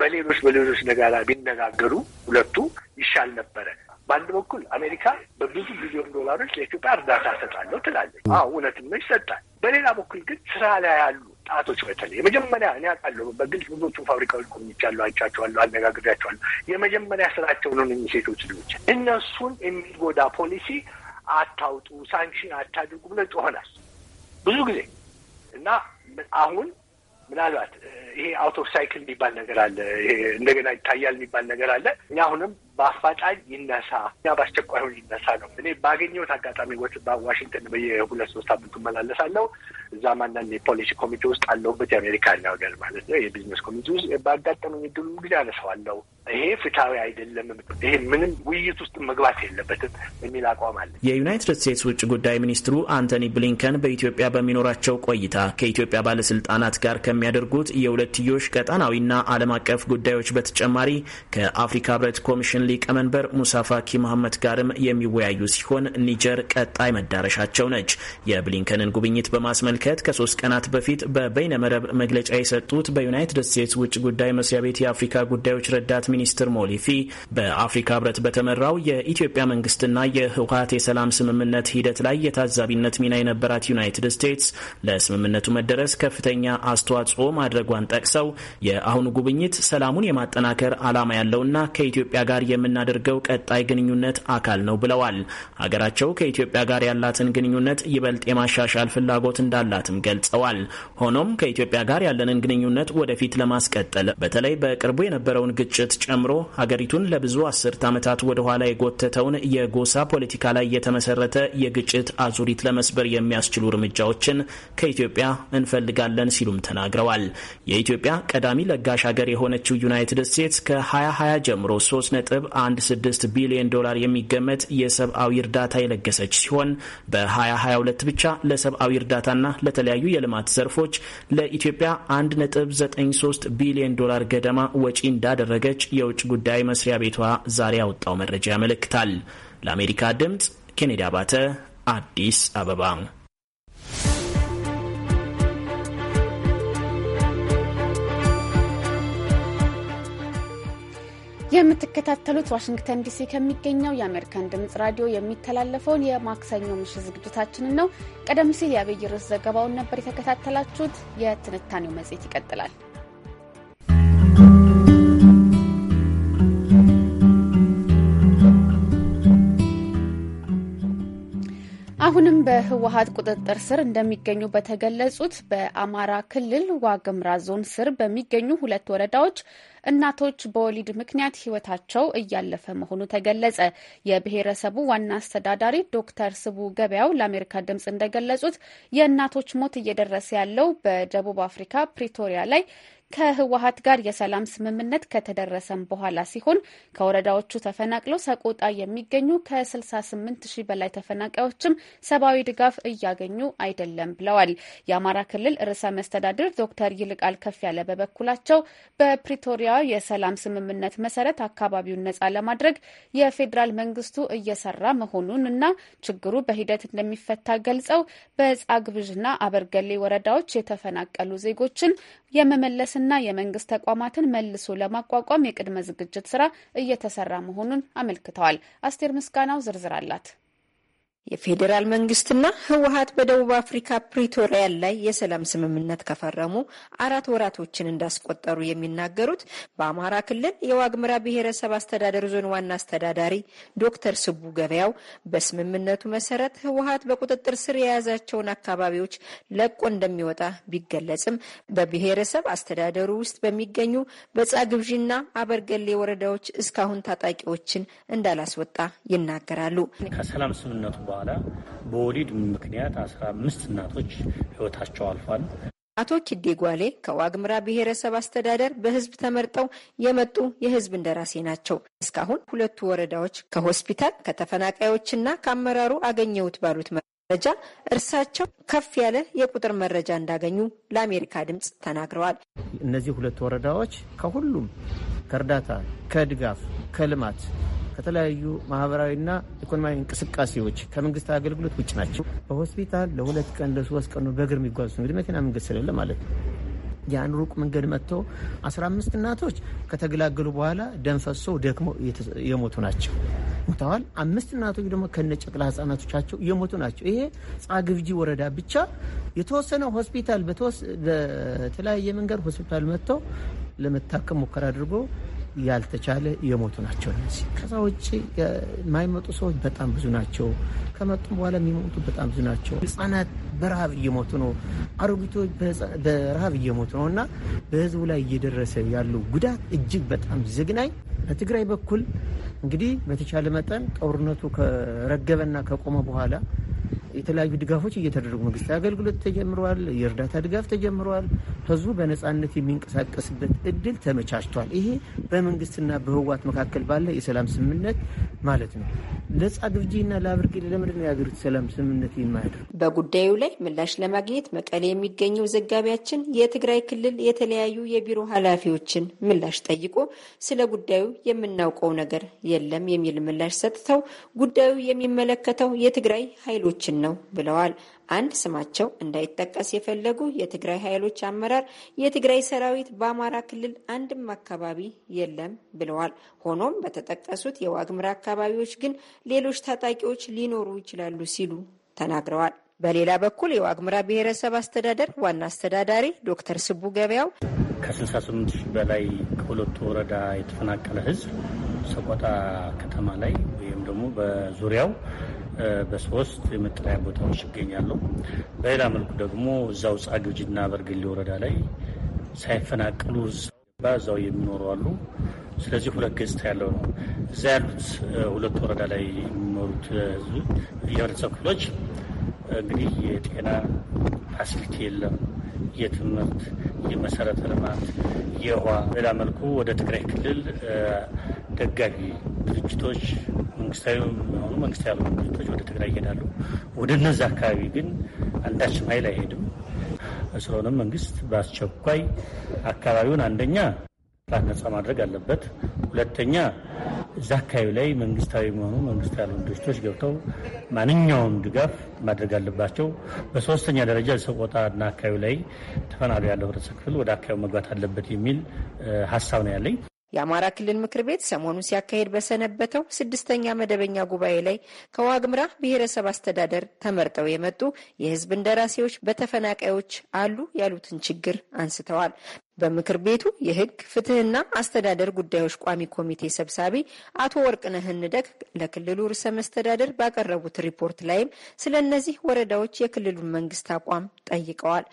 በሌሎች በሌሎች ነገር ቢነጋገሩ ሁለቱ ይሻል ነበረ። በአንድ በኩል አሜሪካ በብዙ ቢሊዮን ዶላሮች ለኢትዮጵያ እርዳታ ሰጣለሁ ትላለች። አዎ እውነትም ይሰጣል። በሌላ በኩል ግን ስራ ላይ ያሉ ወጣቶች በተለይ የመጀመሪያ እኔ አውቃለሁ በግልጽ ብዙዎቹን ፋብሪካዎች ጎብኝቻለሁ፣ አይቻቸዋለሁ፣ አነጋግሬያቸዋለሁ። የመጀመሪያ ስራቸው ነው ሴቶች ልጆች እነሱን የሚጎዳ ፖሊሲ አታውጡ፣ ሳንክሽን አታድርጉ ብሎ ይጮሆናል ብዙ ጊዜ እና አሁን ምናልባት ይሄ አውቶ ሳይክል የሚባል ነገር አለ። ይሄ እንደገና ይታያል የሚባል ነገር አለ። እኛ አሁንም በአፋጣኝ ይነሳ እና በአስቸኳይ ይነሳ ነው። እኔ ባገኘሁት አጋጣሚ ዋሽንግተን በየሁለት ሶስት ሳምንቱ እመላለሳለሁ። እዛም አንዳንድ የፖሊሲ ኮሚቴ ውስጥ አለሁበት የአሜሪካ ሀገር ማለት ነው፣ የቢዝነስ ኮሚቴ ውስጥ ባጋጠመኝ ድሉ ጊዜ አነሳዋለሁ። ይሄ ፍትሐዊ አይደለም፣ ይሄ ምንም ውይይት ውስጥ መግባት የለበትም የሚል አቋም አለ። የዩናይትድ ስቴትስ ውጭ ጉዳይ ሚኒስትሩ አንቶኒ ብሊንከን በኢትዮጵያ በሚኖራቸው ቆይታ ከኢትዮጵያ ባለስልጣናት ጋር ከሚያደርጉት የሁለትዮሽ ቀጣናዊና ዓለም አቀፍ ጉዳዮች በተጨማሪ ከአፍሪካ ህብረት ኮሚሽን ኮሚሽን ሊቀመንበር ሙሳፋኪ መሐመድ ጋርም የሚወያዩ ሲሆን ኒጀር ቀጣይ መዳረሻቸው ነች። የብሊንከንን ጉብኝት በማስመልከት ከሶስት ቀናት በፊት በበይነመረብ መግለጫ የሰጡት በዩናይትድ ስቴትስ ውጭ ጉዳይ መስሪያ ቤት የአፍሪካ ጉዳዮች ረዳት ሚኒስትር ሞሊፊ በአፍሪካ ህብረት በተመራው የኢትዮጵያ መንግስትና የህወሀት የሰላም ስምምነት ሂደት ላይ የታዛቢነት ሚና የነበራት ዩናይትድ ስቴትስ ለስምምነቱ መደረስ ከፍተኛ አስተዋጽኦ ማድረጓን ጠቅሰው የአሁኑ ጉብኝት ሰላሙን የማጠናከር ዓላማ ያለውና ከኢትዮጵያ ጋር የምናደርገው ቀጣይ ግንኙነት አካል ነው ብለዋል። ሀገራቸው ከኢትዮጵያ ጋር ያላትን ግንኙነት ይበልጥ የማሻሻል ፍላጎት እንዳላትም ገልጸዋል። ሆኖም ከኢትዮጵያ ጋር ያለንን ግንኙነት ወደፊት ለማስቀጠል በተለይ በቅርቡ የነበረውን ግጭት ጨምሮ ሀገሪቱን ለብዙ አስርት ዓመታት ወደኋላ የጎተተውን የጎሳ ፖለቲካ ላይ የተመሰረተ የግጭት አዙሪት ለመስበር የሚያስችሉ እርምጃዎችን ከኢትዮጵያ እንፈልጋለን ሲሉም ተናግረዋል። የኢትዮጵያ ቀዳሚ ለጋሽ ሀገር የሆነችው ዩናይትድ ስቴትስ ከ2020 ጀምሮ 3 ነጥብ 16 ቢሊዮን ዶላር የሚገመት የሰብአዊ እርዳታ የለገሰች ሲሆን በ2022 ብቻ ለሰብአዊ እርዳታና ለተለያዩ የልማት ዘርፎች ለኢትዮጵያ 1.93 ቢሊዮን ዶላር ገደማ ወጪ እንዳደረገች የውጭ ጉዳይ መስሪያ ቤቷ ዛሬ ያወጣው መረጃ ያመለክታል። ለአሜሪካ ድምፅ ኬኔዲ አባተ አዲስ አበባ የምትከታተሉት ዋሽንግተን ዲሲ ከሚገኘው የአሜሪካን ድምጽ ራዲዮ የሚተላለፈውን የማክሰኞ ምሽት ዝግጅታችንን ነው። ቀደም ሲል የአብይ ርዕስ ዘገባውን ነበር የተከታተላችሁት። የትንታኔው መጽሔት ይቀጥላል። አሁንም በህወሀት ቁጥጥር ስር እንደሚገኙ በተገለጹት በአማራ ክልል ዋግምራ ዞን ስር በሚገኙ ሁለት ወረዳዎች እናቶች በወሊድ ምክንያት ህይወታቸው እያለፈ መሆኑ ተገለጸ። የብሔረሰቡ ዋና አስተዳዳሪ ዶክተር ስቡ ገበያው ለአሜሪካ ድምፅ እንደገለጹት የእናቶች ሞት እየደረሰ ያለው በደቡብ አፍሪካ ፕሪቶሪያ ላይ ከህወሀት ጋር የሰላም ስምምነት ከተደረሰም በኋላ ሲሆን ከወረዳዎቹ ተፈናቅለው ሰቆጣ የሚገኙ ከ68 ሺህ በላይ ተፈናቃዮችም ሰብአዊ ድጋፍ እያገኙ አይደለም ብለዋል። የአማራ ክልል ርዕሰ መስተዳድር ዶክተር ይልቃል ከፍያለ በበኩላቸው በፕሪቶሪያ የሰላም ስምምነት መሰረት አካባቢውን ነጻ ለማድረግ የፌዴራል መንግስቱ እየሰራ መሆኑን እና ችግሩ በሂደት እንደሚፈታ ገልጸው በጻግብዥና አበርገሌ ወረዳዎች የተፈናቀሉ ዜጎችን የመመለስና የመንግስት ተቋማትን መልሶ ለማቋቋም የቅድመ ዝግጅት ስራ እየተሰራ መሆኑን አመልክተዋል። አስቴር ምስጋናው ዝርዝር አላት። የፌዴራል መንግስትና ህወሀት በደቡብ አፍሪካ ፕሪቶሪያ ላይ የሰላም ስምምነት ከፈረሙ አራት ወራቶችን እንዳስቆጠሩ የሚናገሩት በአማራ ክልል የዋግምራ ብሔረሰብ አስተዳደር ዞን ዋና አስተዳዳሪ ዶክተር ስቡ ገበያው በስምምነቱ መሰረት ህወሀት በቁጥጥር ስር የያዛቸውን አካባቢዎች ለቆ እንደሚወጣ ቢገለጽም በብሔረሰብ አስተዳደሩ ውስጥ በሚገኙ በጻ ግብዥና አበርገሌ ወረዳዎች እስካሁን ታጣቂዎችን እንዳላስወጣ ይናገራሉ። ከሰላም ስምምነቱ በኋላ በወሊድ ምክንያት 15 እናቶች ህይወታቸው አልፏል። አቶ ኪዴ ጓሌ ከዋግምራ ብሔረሰብ አስተዳደር በህዝብ ተመርጠው የመጡ የህዝብ እንደራሴ ናቸው። እስካሁን ሁለቱ ወረዳዎች ከሆስፒታል ከተፈናቃዮችና ከአመራሩ አገኘሁት ባሉት መረጃ እርሳቸው ከፍ ያለ የቁጥር መረጃ እንዳገኙ ለአሜሪካ ድምፅ ተናግረዋል። እነዚህ ሁለት ወረዳዎች ከሁሉም ከእርዳታ፣ ከድጋፍ፣ ከልማት ከተለያዩ ማህበራዊና ኢኮኖሚያዊ እንቅስቃሴዎች ከመንግስት አገልግሎት ውጭ ናቸው። በሆስፒታል ለሁለት ቀን ለሶስት ቀን በእግር የሚጓዙ እንግዲህ መኪና መንገድ ስለሌለ ማለት ነው። ያን ሩቅ መንገድ መጥቶ አምስት እናቶች ከተገላገሉ በኋላ ደም ፈሶ ደክሞ የሞቱ ናቸው ሞተዋል። አምስት እናቶች ደግሞ ከነ ጨቅላ ህጻናቶቻቸው የሞቱ ናቸው። ይሄ ጻግብጂ ወረዳ ብቻ የተወሰነ ሆስፒታል በተለያየ መንገድ ሆስፒታል መጥተው ለመታከም ሙከራ አድርጎ ያልተቻለ የሞቱ ናቸው። እነዚህ ከዛ ውጭ የማይመጡ ሰዎች በጣም ብዙ ናቸው። ከመጡም በኋላ የሚሞቱ በጣም ብዙ ናቸው። ህጻናት በረሃብ እየሞቱ ነው። አሮጊቶች በረሃብ እየሞቱ ነው እና በህዝቡ ላይ እየደረሰ ያለው ጉዳት እጅግ በጣም ዘግናኝ። በትግራይ በኩል እንግዲህ በተቻለ መጠን ጦርነቱ ከረገበና ከቆመ በኋላ የተለያዩ ድጋፎች እየተደረጉ መንግስት አገልግሎት ተጀምረዋል። የእርዳታ ድጋፍ ተጀምረዋል። ህዝቡ በነፃነት የሚንቀሳቀስበት እድል ተመቻችቷል። ይሄ በመንግስትና በህወሓት መካከል ባለ የሰላም ስምምነት ማለት ነው። ለጻግብጂና ለአብርቂ ለምንድን ነው የሀገሪቱ ሰላም ስምምነት የማያደርግ? በጉዳዩ ላይ ምላሽ ለማግኘት መቀሌ የሚገኘው ዘጋቢያችን የትግራይ ክልል የተለያዩ የቢሮ ኃላፊዎችን ምላሽ ጠይቆ ስለ ጉዳዩ የምናውቀው ነገር የለም የሚል ምላሽ ሰጥተው ጉዳዩ የሚመለከተው የትግራይ ኃይሎችን ። ነው ብለዋል። አንድ ስማቸው እንዳይጠቀስ የፈለጉ የትግራይ ኃይሎች አመራር የትግራይ ሰራዊት በአማራ ክልል አንድም አካባቢ የለም ብለዋል። ሆኖም በተጠቀሱት የዋግምራ አካባቢዎች ግን ሌሎች ታጣቂዎች ሊኖሩ ይችላሉ ሲሉ ተናግረዋል። በሌላ በኩል የዋግምራ ብሔረሰብ አስተዳደር ዋና አስተዳዳሪ ዶክተር ስቡ ገበያው ከ68 ሺህ በላይ ከሁለቱ ወረዳ የተፈናቀለ ህዝብ ሰቆጣ ከተማ ላይ ወይም ደግሞ በዙሪያው በሶስት የመጠለያ ቦታዎች ይገኛሉ። በሌላ መልኩ ደግሞ እዛው ጻዶጅና በርግሌ ወረዳ ላይ ሳይፈናቅሉ እዛው የሚኖሩ አሉ። ስለዚህ ሁለት ገጽታ ያለው ነው። እዛ ያሉት ሁለት ወረዳ ላይ የሚኖሩት የህብረተሰብ ክፍሎች እንግዲህ የጤና ፋሲሊቲ የለም የትምህርት፣ የመሰረተ ልማት፣ የውሃ ሌላ መልኩ ወደ ትግራይ ክልል ደጋፊ ድርጅቶች መንግስታዊ ሆኑ መንግስታዊ ያሉ ድርጅቶች ወደ ትግራይ ይሄዳሉ። ወደ እነዚ አካባቢ ግን አንዳችም ኃይል አይሄድም። ስለሆነም መንግስት በአስቸኳይ አካባቢውን አንደኛ ነጻ ማድረግ አለበት። ሁለተኛ እዛ አካባቢ ላይ መንግስታዊ መሆኑ መንግስት ያልሆኑ ድርጅቶች ገብተው ማንኛውም ድጋፍ ማድረግ አለባቸው። በሶስተኛ ደረጃ ሰቆጣና አካባቢ ላይ ተፈናሉ ያለው ህብረተሰብ ክፍል ወደ አካባቢው መግባት አለበት የሚል ሀሳብ ነው ያለኝ። የአማራ ክልል ምክር ቤት ሰሞኑን ሲያካሄድ በሰነበተው ስድስተኛ መደበኛ ጉባኤ ላይ ከዋግምራ ብሔረሰብ አስተዳደር ተመርጠው የመጡ የህዝብ እንደራሴዎች በተፈናቃዮች አሉ ያሉትን ችግር አንስተዋል። በምክር ቤቱ የህግ ፍትህና አስተዳደር ጉዳዮች ቋሚ ኮሚቴ ሰብሳቢ አቶ ወርቅነህ እንደግ ለክልሉ ርዕሰ መስተዳደር ባቀረቡት ሪፖርት ላይም ስለ እነዚህ ወረዳዎች የክልሉን መንግስት አቋም ጠይቀዋል።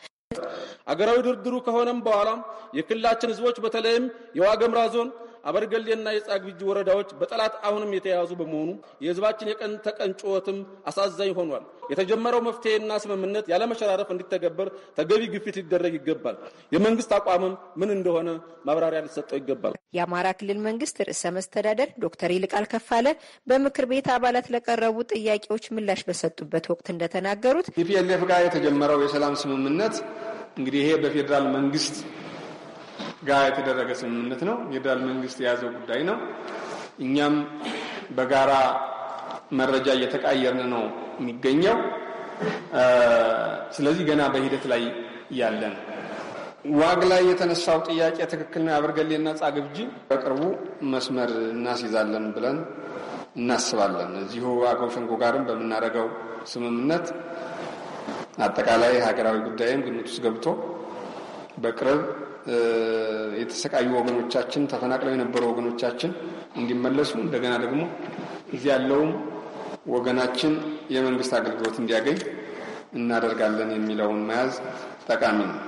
አገራዊ ድርድሩ ከሆነም በኋላ የክልላችን ህዝቦች በተለይም የዋገምራ ዞን አበርገሌና የጻግ ወረዳዎች በጠላት አሁንም የተያዙ በመሆኑ የህዝባችን የቀን ተቀን ጩኸትም አሳዛኝ ሆኗል። የተጀመረው መፍትሄና ስምምነት ያለመሸራረፍ እንዲተገበር ተገቢ ግፊት ሊደረግ ይገባል። የመንግስት አቋምም ምን እንደሆነ ማብራሪያ ሊሰጠው ይገባል። የአማራ ክልል መንግስት ርዕሰ መስተዳደር ዶክተር ይልቃል ከፋለ በምክር ቤት አባላት ለቀረቡ ጥያቄዎች ምላሽ በሰጡበት ወቅት እንደተናገሩት ቲፒኤልኤፍ ጋር የተጀመረው የሰላም ስምምነት እንግዲህ ይሄ በፌዴራል መንግስት ጋር የተደረገ ስምምነት ነው። የፌዴራል መንግስት የያዘው ጉዳይ ነው። እኛም በጋራ መረጃ እየተቃየርን ነው የሚገኘው። ስለዚህ ገና በሂደት ላይ ያለን ዋግ ላይ የተነሳው ጥያቄ ትክክል ነው። ጻግብጂ በቅርቡ መስመር እናስይዛለን ብለን እናስባለን። እዚሁ አገው ሸንጎ ጋርም በምናደርገው ስምምነት አጠቃላይ ሀገራዊ ጉዳይም ግምት ውስጥ ገብቶ በቅርብ የተሰቃዩ ወገኖቻችን፣ ተፈናቅለው የነበሩ ወገኖቻችን እንዲመለሱ እንደገና ደግሞ እዚህ ያለውም ወገናችን የመንግስት አገልግሎት እንዲያገኝ እናደርጋለን የሚለውን መያዝ ጠቃሚ ነው።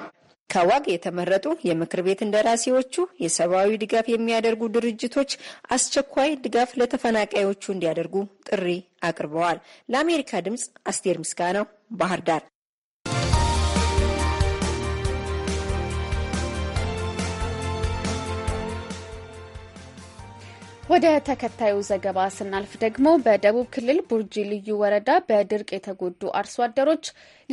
ከዋግ የተመረጡ የምክር ቤት እንደራሴዎቹ የሰብአዊ ድጋፍ የሚያደርጉ ድርጅቶች አስቸኳይ ድጋፍ ለተፈናቃዮቹ እንዲያደርጉ ጥሪ አቅርበዋል። ለአሜሪካ ድምፅ አስቴር ምስጋናው ባህር ዳር። ወደ ተከታዩ ዘገባ ስናልፍ ደግሞ በደቡብ ክልል ቡርጂ ልዩ ወረዳ በድርቅ የተጎዱ አርሶ አደሮች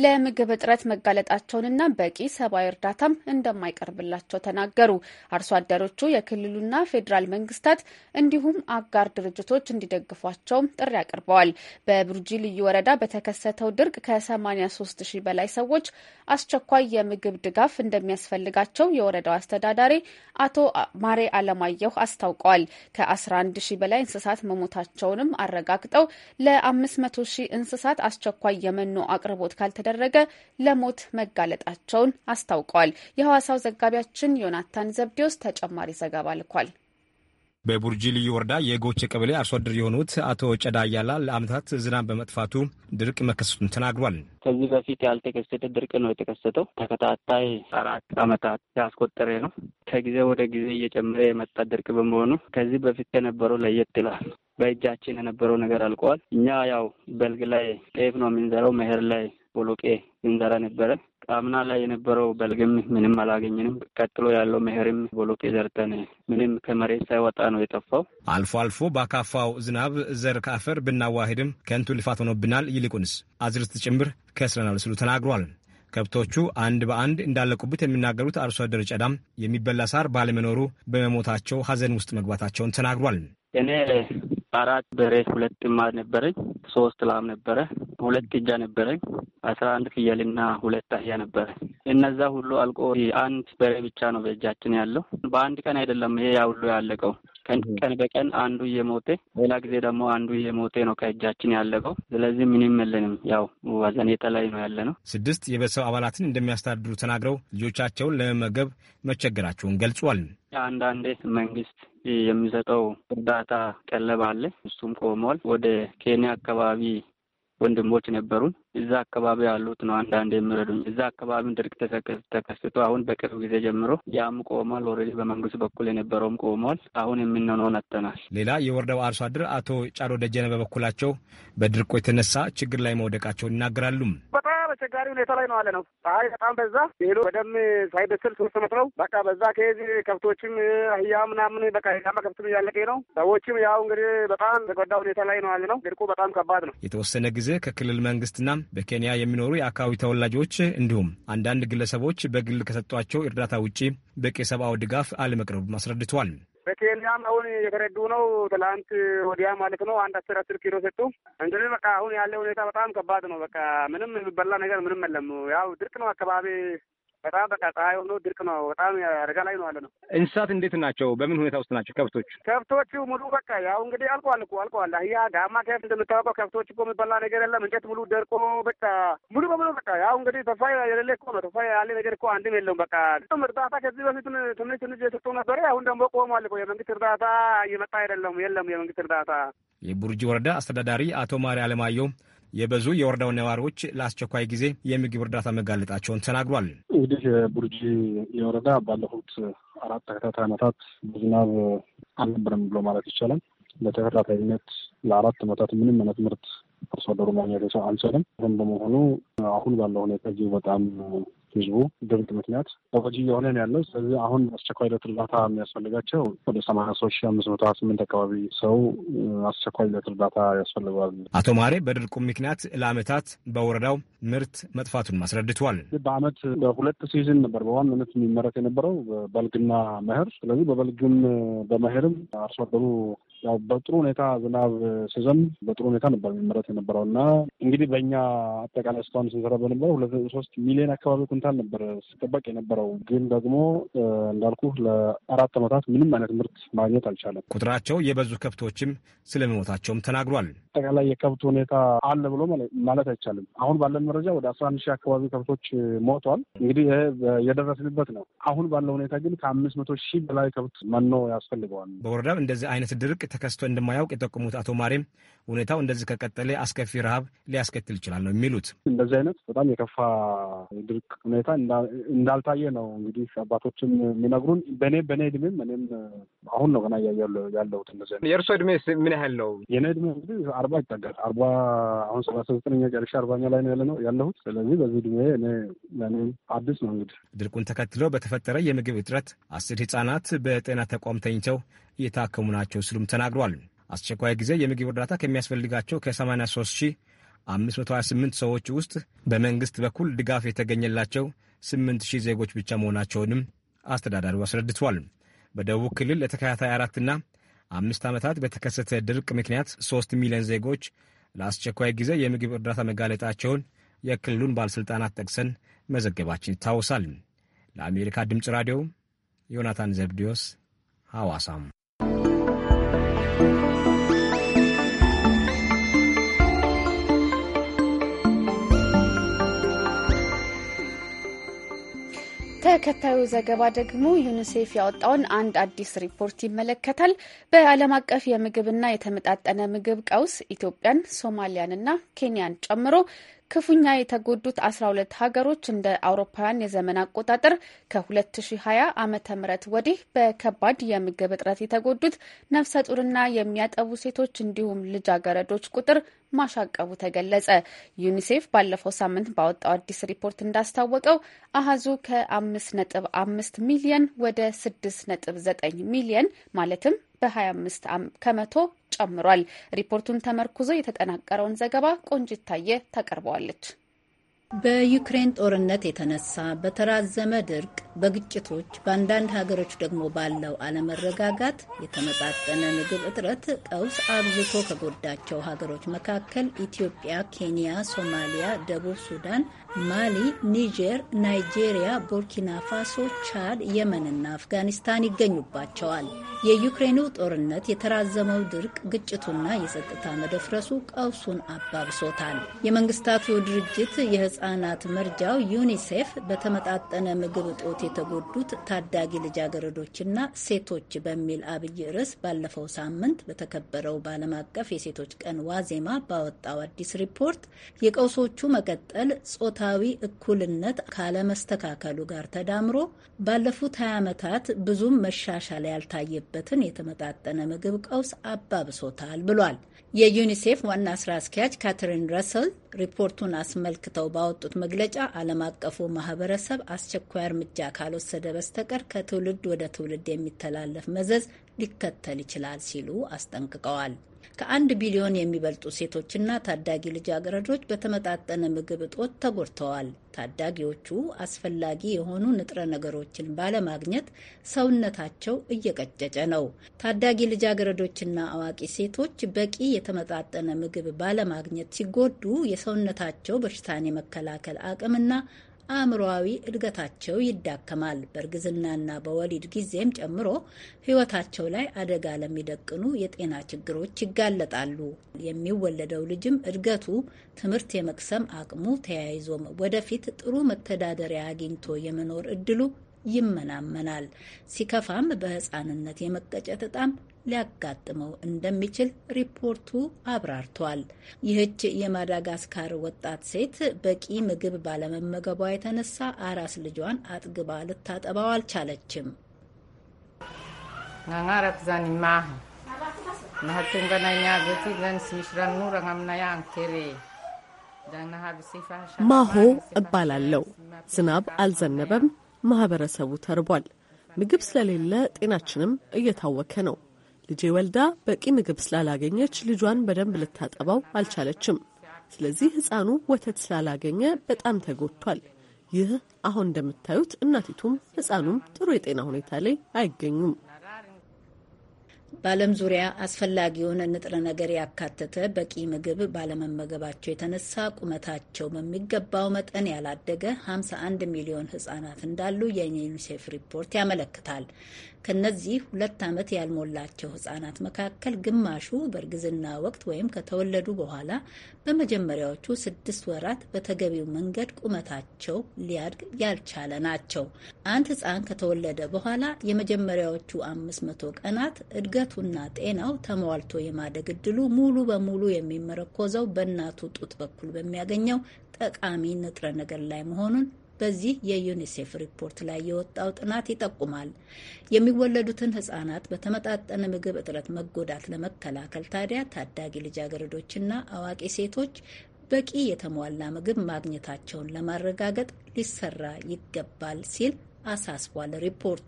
ለምግብ እጥረት መጋለጣቸውንና በቂ ሰብአዊ እርዳታም እንደማይቀርብላቸው ተናገሩ። አርሶ አደሮቹ የክልሉና ፌዴራል መንግስታት እንዲሁም አጋር ድርጅቶች እንዲደግፏቸውም ጥሪ አቅርበዋል። በብሩጂ ልዩ ወረዳ በተከሰተው ድርቅ ከ83 ሺህ በላይ ሰዎች አስቸኳይ የምግብ ድጋፍ እንደሚያስፈልጋቸው የወረዳው አስተዳዳሪ አቶ ማሬ አለማየሁ አስታውቀዋል። ከ11 ሺህ በላይ እንስሳት መሞታቸውንም አረጋግጠው ለ500 ሺህ እንስሳት አስቸኳይ የመኖ አቅርቦት ካልተ ከተደረገ ለሞት መጋለጣቸውን አስታውቀዋል። የሐዋሳው ዘጋቢያችን ዮናታን ዘብዴዎስ ተጨማሪ ዘገባ ልኳል። በቡርጂ ልዩ ወረዳ የጎቼ ቀበሌ አርሶ አደር የሆኑት አቶ ጨዳ አያላ ለአመታት ዝናብ በመጥፋቱ ድርቅ መከሰቱን ተናግሯል። ከዚህ በፊት ያልተከሰተ ድርቅ ነው የተከሰተው። ተከታታይ አራት አመታት ያስቆጠረ ነው። ከጊዜ ወደ ጊዜ እየጨመረ የመጣ ድርቅ በመሆኑ ከዚህ በፊት ከነበረው ለየት ይላል። በእጃችን የነበረው ነገር አልቀዋል። እኛ ያው በልግ ላይ ጤፍ ነው የምንዘራው። መኸር ላይ ቦሎቄ ዝንዘራ ነበረ። አምና ላይ የነበረው በልግም ምንም አላገኘንም። ቀጥሎ ያለው መኸርም ቦሎቄ ዘርተን ምንም ከመሬት ሳይወጣ ነው የጠፋው። አልፎ አልፎ በአካፋው ዝናብ ዘር ከአፈር ብናዋሄድም ከንቱ ልፋት ሆኖብናል። ይልቁንስ አዝርት ጭምር ከስረናል ስሉ ተናግሯል። ከብቶቹ አንድ በአንድ እንዳለቁበት የሚናገሩት አርሶ አደር ጨዳም የሚበላ ሳር ባለመኖሩ በመሞታቸው ሀዘን ውስጥ መግባታቸውን ተናግሯል። እኔ አራት በሬ፣ ሁለት ጥማድ ነበረኝ፣ ሶስት ላም ነበረ፣ ሁለት ጥጃ ነበረኝ፣ አስራ አንድ ፍየልና ሁለት አህያ ነበረ። እነዛ ሁሉ አልቆ አንድ በሬ ብቻ ነው በእጃችን ያለው። በአንድ ቀን አይደለም ይሄ ያ ሁሉ ያለቀው። ቀን በቀን አንዱ እየሞተ ሌላ ጊዜ ደግሞ አንዱ እየሞተ ነው ከእጃችን ያለቀው። ስለዚህ ምንም የለንም፣ ያው ዋዘኔታ ላይ ነው ያለ ነው። ስድስት የቤተሰብ አባላትን እንደሚያስተዳድሩ ተናግረው ልጆቻቸውን ለመመገብ መቸገራቸውን ገልጿል። አንዳንዴ መንግስት የሚሰጠው እርዳታ ቀለብ አለ፣ እሱም ቆሟል። ወደ ኬንያ አካባቢ ወንድሞች ነበሩን። እዛ አካባቢ ያሉት ነው አንዳንድ የሚረዱኝ። እዛ አካባቢ ድርቅ ተከስቶ አሁን በቅርብ ጊዜ ጀምሮ ያም ቆሟል። ኦልሬዲ በመንግስት በኩል የነበረውም ቆሟል። አሁን የምንሆነውን አጥተናል። ሌላ የወረዳው አርሶ አደር አቶ ጫሮ ደጀነ በበኩላቸው በድርቆ የተነሳ ችግር ላይ መውደቃቸውን ይናገራሉ። በጣም በአስቸጋሪ ሁኔታ ላይ ነው አለ ነው። ፀሐይ በጣም በዛ። እህሉ በደም ሳይበስል ሶስት መት ነው በቃ በዛ ከዚ ከብቶችም አህያ ምናምን በቃ ሄዳማ ከብትም እያለቀ ነው። ሰዎችም ያው እንግዲህ በጣም ተጎዳ ሁኔታ ላይ ነው አለ ነው። ድርቁ በጣም ከባድ ነው። የተወሰነ ጊዜ ከክልል መንግስትና በኬንያ የሚኖሩ የአካባቢ ተወላጆች እንዲሁም አንዳንድ ግለሰቦች በግል ከሰጧቸው እርዳታ ውጪ በቂ ሰብአዊ ድጋፍ አለመቅረቡም አስረድተዋል። በኬንያም አሁን የተረዱ ነው። ትላንት ወዲያ ማለት ነው አንድ አስር አስር ኪሎ ሰጡ። እንግዲህ በቃ አሁን ያለ ሁኔታ በጣም ከባድ ነው። በቃ ምንም የሚበላ ነገር ምንም የለም። ያው ድርቅ ነው አካባቢ በጣም በቃ ፀሐይ ሆኖ ድርቅ ነው። በጣም አደጋ ላይ ነው ያለ ነው። እንስሳት እንዴት ናቸው? በምን ሁኔታ ውስጥ ናቸው ከብቶች? ከብቶቹ ሙሉ በቃ ያው እንግዲህ አልቋል እኮ አልቋል። አህያ ጋማ ከብት እንደምታወቀው ከብቶች እኮ የሚበላ ነገር የለም። እንጨት ሙሉ ደርቆ በቃ ሙሉ በሙሉ በቃ ያው እንግዲህ ተስፋ የሌለ እኮ ነው። ተስፋ ያለ ነገር እኮ አንድም የለውም። በቃ ግም እርዳታ ከዚህ በፊት ትንሽ ትንሽ የሰጡ ነበረ። አሁን ደግሞ ቆሟል እኮ የመንግስት እርዳታ እየመጣ አይደለም። የለም የመንግስት እርዳታ። የቡርጂ ወረዳ አስተዳዳሪ አቶ ማሪ አለማየሁ የበዙ የወረዳው ነዋሪዎች ለአስቸኳይ ጊዜ የምግብ እርዳታ መጋለጣቸውን ተናግሯል። እንግዲህ የቡርጂ የወረዳ ባለፉት አራት ተከታታይ ዓመታት በዝናብ አልነበረም ብሎ ማለት ይቻላል። ለተከታታይነት ለአራት ዓመታት ምንም አይነት ምርት አርሶ አደሩ ማግኘት አልቻለም። ይህም በመሆኑ አሁን ባለው ሁኔታ እጅግ በጣም ህዝቡ ድርቅ ምክንያት ተጎጂ እየሆነ ነው ያለው። ስለዚህ አሁን አስቸኳይ ዕለት እርዳታ የሚያስፈልጋቸው ወደ ሰማንያ ሶስት ሺህ አምስት መቶ ሀያ ስምንት አካባቢ ሰው አስቸኳይ ዕለት እርዳታ ያስፈልገዋል። አቶ ማሬ በድርቁ ምክንያት ለአመታት በወረዳው ምርት መጥፋቱን አስረድቷል። በአመት በሁለት ሲዝን ነበር በዋናነት የሚመረት የነበረው በልግና መኸር። ስለዚህ በበልግም በመኸርም አርሶ አደሩ ያው በጥሩ ሁኔታ ዝናብ ስዘም በጥሩ ሁኔታ ነበር የሚመረት የነበረው እና እንግዲህ በእኛ አጠቃላይ ስቷን ስንሰራ በነበረው ሁለት ሶስት ሚሊዮን አካባቢ ኩንታል ነበር ሲጠበቅ የነበረው ግን ደግሞ እንዳልኩ ለአራት ዓመታት ምንም አይነት ምርት ማግኘት አልቻለም። ቁጥራቸው የበዙ ከብቶችም ስለመሞታቸውም ተናግሯል። አጠቃላይ የከብት ሁኔታ አለ ብሎ ማለት አይቻልም። አሁን ባለን መረጃ ወደ አስራ አንድ ሺህ አካባቢ ከብቶች ሞቷል። እንግዲህ ይሄ የደረስንበት ነው። አሁን ባለው ሁኔታ ግን ከአምስት መቶ ሺህ በላይ ከብት መኖ ያስፈልገዋል። በወረዳም እንደዚህ አይነት ድርቅ ተከስቶ እንደማያውቅ የጠቁሙት አቶ ማሬም ሁኔታው እንደዚህ ከቀጠለ አስከፊ ረሃብ ሊያስከትል ይችላል ነው የሚሉት። እንደዚህ አይነት በጣም የከፋ ድርቅ ሁኔታ እንዳልታየ ነው እንግዲህ አባቶችም የሚነግሩን። በእኔ በእኔ እድሜም እኔም አሁን ነው ገና እያያሉ ያለሁት። እንደዚህ አይነት የእርሶ እድሜ ምን ያህል ነው? የእኔ እድሜ እንግዲህ አርባ ይጠጋል። አርባ አሁን ሰላሳ ዘጠነኛ ጨርሻ አርባኛ ላይ ነው ያለ ነው ያለሁት። ስለዚህ በዚህ እድሜ እኔ አዲስ ነው እንግዲህ ድርቁን ተከትሎ በተፈጠረ የምግብ እጥረት አስር ህጻናት በጤና ተቋም ተኝተው እየታከሙ ናቸው ስሉም ተናግሯል። አስቸኳይ ጊዜ የምግብ እርዳታ ከሚያስፈልጋቸው ከ83528 ሰዎች ውስጥ በመንግሥት በኩል ድጋፍ የተገኘላቸው 8000 ዜጎች ብቻ መሆናቸውንም አስተዳዳሪው አስረድቷል። በደቡብ ክልል ለተከታታይ አራትና አምስት ዓመታት በተከሰተ ድርቅ ምክንያት 3 ሚሊዮን ዜጎች ለአስቸኳይ ጊዜ የምግብ እርዳታ መጋለጣቸውን የክልሉን ባለሥልጣናት ጠቅሰን መዘገባችን ይታወሳል። ለአሜሪካ ድምፅ ራዲዮ ዮናታን ዘብዲዮስ ሐዋሳም ተከታዩ ዘገባ ደግሞ ዩኒሴፍ ያወጣውን አንድ አዲስ ሪፖርት ይመለከታል። በዓለም አቀፍ የምግብና የተመጣጠነ ምግብ ቀውስ ኢትዮጵያን፣ ሶማሊያንና ኬንያን ጨምሮ ክፉኛ የተጎዱት 12 ሀገሮች እንደ አውሮፓውያን የዘመን አቆጣጠር ከ2020 ዓ ም ወዲህ በከባድ የምግብ እጥረት የተጎዱት ነፍሰ ጡርና የሚያጠቡ ሴቶች እንዲሁም ልጃገረዶች ቁጥር ማሻቀቡ ተገለጸ። ዩኒሴፍ ባለፈው ሳምንት ባወጣው አዲስ ሪፖርት እንዳስታወቀው አሀዙ ከ5.5 ሚሊየን ወደ 6.9 ሚሊየን ማለትም በ25 ከመቶ ጨምሯል። ሪፖርቱን ተመርኩዞ የተጠናቀረውን ዘገባ ቆንጅታየ ታየ ታቀርበዋለች። በዩክሬን ጦርነት የተነሳ በተራዘመ ድርቅ፣ በግጭቶች በአንዳንድ ሀገሮች ደግሞ ባለው አለመረጋጋት የተመጣጠነ ምግብ እጥረት ቀውስ አብዝቶ ከጎዳቸው ሀገሮች መካከል ኢትዮጵያ፣ ኬንያ፣ ሶማሊያ፣ ደቡብ ሱዳን፣ ማሊ፣ ኒጀር፣ ናይጄሪያ፣ ቡርኪና ፋሶ፣ ቻድ፣ የመንና አፍጋኒስታን ይገኙባቸዋል። የዩክሬኑ ጦርነት፣ የተራዘመው ድርቅ፣ ግጭቱና የጸጥታ መደፍረሱ ቀውሱን አባብሶታል። የመንግስታቱ ድርጅት ሕጻናት መርጃው ዩኒሴፍ በተመጣጠነ ምግብ እጦት የተጎዱት ታዳጊ ልጃገረዶችና ሴቶች በሚል አብይ ርዕስ ባለፈው ሳምንት በተከበረው በዓለም አቀፍ የሴቶች ቀን ዋዜማ ባወጣው አዲስ ሪፖርት የቀውሶቹ መቀጠል ጾታዊ እኩልነት ካለመስተካከሉ ጋር ተዳምሮ ባለፉት 20 ዓመታት ብዙም መሻሻል ያልታየበትን የተመጣጠነ ምግብ ቀውስ አባብሶታል ብሏል። የዩኒሴፍ ዋና ስራ አስኪያጅ ካተሪን ረሰል ሪፖርቱን አስመልክተው ባወጡት መግለጫ ዓለም አቀፉ ማህበረሰብ አስቸኳይ እርምጃ ካልወሰደ በስተቀር ከትውልድ ወደ ትውልድ የሚተላለፍ መዘዝ ሊከተል ይችላል ሲሉ አስጠንቅቀዋል። ከአንድ ቢሊዮን የሚበልጡ ሴቶችና ታዳጊ ልጃገረዶች በተመጣጠነ ምግብ እጦት ተጎድተዋል። ታዳጊዎቹ አስፈላጊ የሆኑ ንጥረ ነገሮችን ባለማግኘት ሰውነታቸው እየቀጨጨ ነው። ታዳጊ ልጃገረዶችና አዋቂ ሴቶች በቂ የተመጣጠነ ምግብ ባለማግኘት ሲጎዱ የሰውነታቸው በሽታን የመከላከል አቅምና አእምሮዊ እድገታቸው ይዳከማል። በእርግዝናና በወሊድ ጊዜም ጨምሮ ሕይወታቸው ላይ አደጋ ለሚደቅኑ የጤና ችግሮች ይጋለጣሉ። የሚወለደው ልጅም እድገቱ፣ ትምህርት የመቅሰም አቅሙ፣ ተያይዞም ወደፊት ጥሩ መተዳደሪያ አግኝቶ የመኖር እድሉ ይመናመናል። ሲከፋም በህፃንነት የመቀጨት እጣም ሊያጋጥመው እንደሚችል ሪፖርቱ አብራርቷል። ይህች የማዳጋስካር ወጣት ሴት በቂ ምግብ ባለመመገቧ የተነሳ አራስ ልጇን አጥግባ ልታጠባው አልቻለችም። ማሆ እባላለሁ። ዝናብ አልዘነበም፣ ማህበረሰቡ ተርቧል። ምግብ ስለሌለ ጤናችንም እየታወከ ነው። ልጄ ወልዳ በቂ ምግብ ስላላገኘች ልጇን በደንብ ልታጠባው አልቻለችም። ስለዚህ ህፃኑ ወተት ስላላገኘ በጣም ተጎድቷል። ይህ አሁን እንደምታዩት እናቲቱም ህፃኑም ጥሩ የጤና ሁኔታ ላይ አይገኙም። በዓለም ዙሪያ አስፈላጊውን ንጥረ ነገር ያካተተ በቂ ምግብ ባለመመገባቸው የተነሳ ቁመታቸው በሚገባው መጠን ያላደገ 51 ሚሊዮን ህጻናት እንዳሉ የዩኒሴፍ ሪፖርት ያመለክታል። ከነዚህ ሁለት ዓመት ያልሞላቸው ህጻናት መካከል ግማሹ በእርግዝና ወቅት ወይም ከተወለዱ በኋላ በመጀመሪያዎቹ ስድስት ወራት በተገቢው መንገድ ቁመታቸው ሊያድግ ያልቻለ ናቸው። አንድ ህጻን ከተወለደ በኋላ የመጀመሪያዎቹ አምስት መቶ ቀናት እድገት። ሰውነቱና ጤናው ተሟልቶ የማደግ እድሉ ሙሉ በሙሉ የሚመረኮዘው በእናቱ ጡት በኩል በሚያገኘው ጠቃሚ ንጥረ ነገር ላይ መሆኑን በዚህ የዩኒሴፍ ሪፖርት ላይ የወጣው ጥናት ይጠቁማል። የሚወለዱትን ህጻናት በተመጣጠነ ምግብ እጥረት መጎዳት ለመከላከል ታዲያ ታዳጊ ልጃገረዶችና አዋቂ ሴቶች በቂ የተሟላ ምግብ ማግኘታቸውን ለማረጋገጥ ሊሰራ ይገባል ሲል አሳስቧል ሪፖርቱ።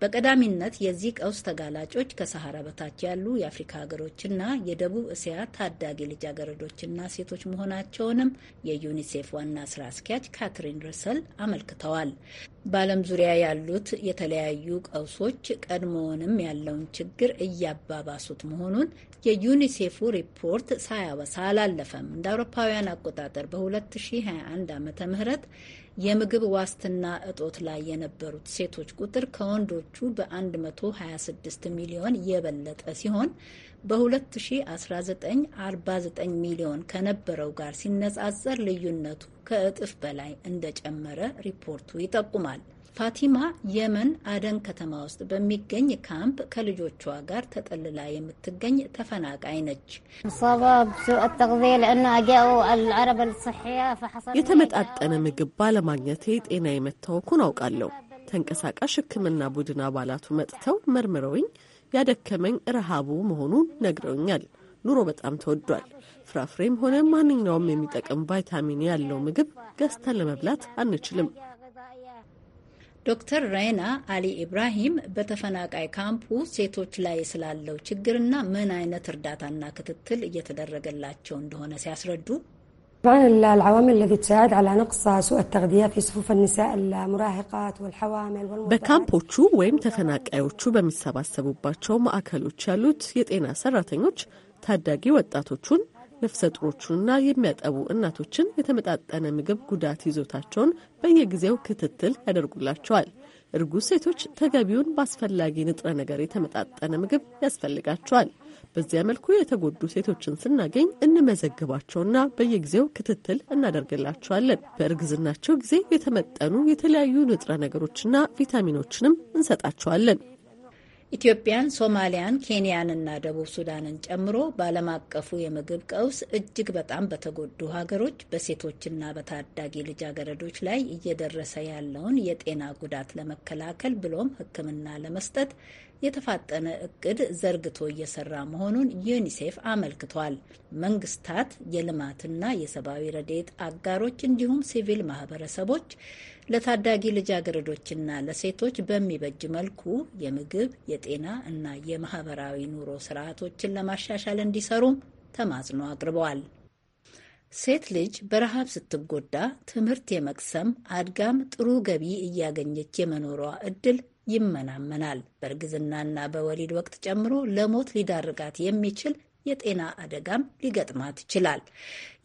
በቀዳሚነት የዚህ ቀውስ ተጋላጮች ከሰሃራ በታች ያሉ የአፍሪካ ሀገሮችና የደቡብ እስያ ታዳጊ ልጃገረዶችና ሴቶች መሆናቸውንም የዩኒሴፍ ዋና ስራ አስኪያጅ ካትሪን ርሰል አመልክተዋል። በዓለም ዙሪያ ያሉት የተለያዩ ቀውሶች ቀድሞውንም ያለውን ችግር እያባባሱት መሆኑን የዩኒሴፉ ሪፖርት ሳያወሳ አላለፈም። እንደ አውሮፓውያን አቆጣጠር በ2021 ዓ ም የምግብ ዋስትና እጦት ላይ የነበሩት ሴቶች ቁጥር ከወንዶቹ በ126 ሚሊዮን የበለጠ ሲሆን በ2019 49 ሚሊዮን ከነበረው ጋር ሲነጻጸር ልዩነቱ ከእጥፍ በላይ እንደጨመረ ሪፖርቱ ይጠቁማል። ፋቲማ የመን አደን ከተማ ውስጥ በሚገኝ ካምፕ ከልጆቿ ጋር ተጠልላ የምትገኝ ተፈናቃይ ነች። የተመጣጠነ ምግብ ባለማግኘቴ ጤና የመታወኩን አውቃለሁ። ተንቀሳቃሽ ሕክምና ቡድን አባላቱ መጥተው መርምረውኝ ያደከመኝ ረሃቡ መሆኑን ነግረውኛል። ኑሮ በጣም ተወዷል። ፍራፍሬም ሆነ ማንኛውም የሚጠቅም ቫይታሚን ያለው ምግብ ገዝተን ለመብላት አንችልም። ዶክተር ራይና አሊ ኢብራሂም በተፈናቃይ ካምፑ ሴቶች ላይ ስላለው ችግርና ምን አይነት እርዳታና ክትትል እየተደረገላቸው እንደሆነ ሲያስረዱ በካምፖቹ ወይም ተፈናቃዮቹ በሚሰባሰቡባቸው ማዕከሎች ያሉት የጤና ሰራተኞች ታዳጊ ወጣቶቹን ነፍሰ ጡሮቹንና የሚያጠቡ እናቶችን የተመጣጠነ ምግብ ጉዳት ይዞታቸውን በየጊዜው ክትትል ያደርጉላቸዋል። እርጉዝ ሴቶች ተገቢውን በአስፈላጊ ንጥረ ነገር የተመጣጠነ ምግብ ያስፈልጋቸዋል። በዚያ መልኩ የተጎዱ ሴቶችን ስናገኝ እንመዘግባቸውና በየጊዜው ክትትል እናደርግላቸዋለን። በእርግዝናቸው ጊዜ የተመጠኑ የተለያዩ ንጥረ ነገሮችና ቪታሚኖችንም እንሰጣቸዋለን። ኢትዮጵያን፣ ሶማሊያን፣ ኬንያንና ደቡብ ሱዳንን ጨምሮ በዓለም አቀፉ የምግብ ቀውስ እጅግ በጣም በተጎዱ ሀገሮች በሴቶችና በታዳጊ ልጃገረዶች ላይ እየደረሰ ያለውን የጤና ጉዳት ለመከላከል ብሎም ሕክምና ለመስጠት የተፋጠነ እቅድ ዘርግቶ እየሰራ መሆኑን ዩኒሴፍ አመልክቷል። መንግስታት፣ የልማትና የሰብአዊ ረድኤት አጋሮች እንዲሁም ሲቪል ማህበረሰቦች ለታዳጊ ልጃገረዶችና ለሴቶች በሚበጅ መልኩ የምግብ፣ የጤና እና የማህበራዊ ኑሮ ስርዓቶችን ለማሻሻል እንዲሰሩም ተማጽኖ አቅርበዋል። ሴት ልጅ በረሃብ ስትጎዳ ትምህርት የመቅሰም አድጋም ጥሩ ገቢ እያገኘች የመኖሯ እድል ይመናመናል። በእርግዝናና በወሊድ ወቅት ጨምሮ ለሞት ሊዳርጋት የሚችል የጤና አደጋም ሊገጥማት ይችላል።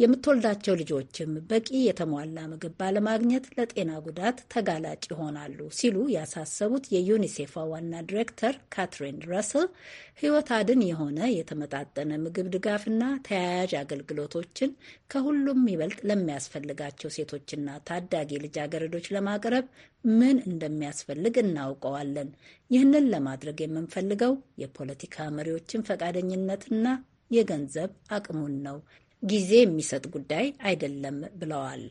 የምትወልዳቸው ልጆችም በቂ የተሟላ ምግብ ባለማግኘት ለጤና ጉዳት ተጋላጭ ይሆናሉ ሲሉ ያሳሰቡት የዩኒሴፍ ዋና ዲሬክተር ካትሪን ረስል ሕይወት አድን የሆነ የተመጣጠነ ምግብ ድጋፍና ተያያዥ አገልግሎቶችን ከሁሉም ይበልጥ ለሚያስፈልጋቸው ሴቶችና ታዳጊ ልጃገረዶች ለማቅረብ ምን እንደሚያስፈልግ እናውቀዋለን። ይህንን ለማድረግ የምንፈልገው የፖለቲካ መሪዎችን ፈቃደኝነትና የገንዘብ አቅሙን ነው። ጊዜ የሚሰጥ ጉዳይ አይደለም ብለዋል።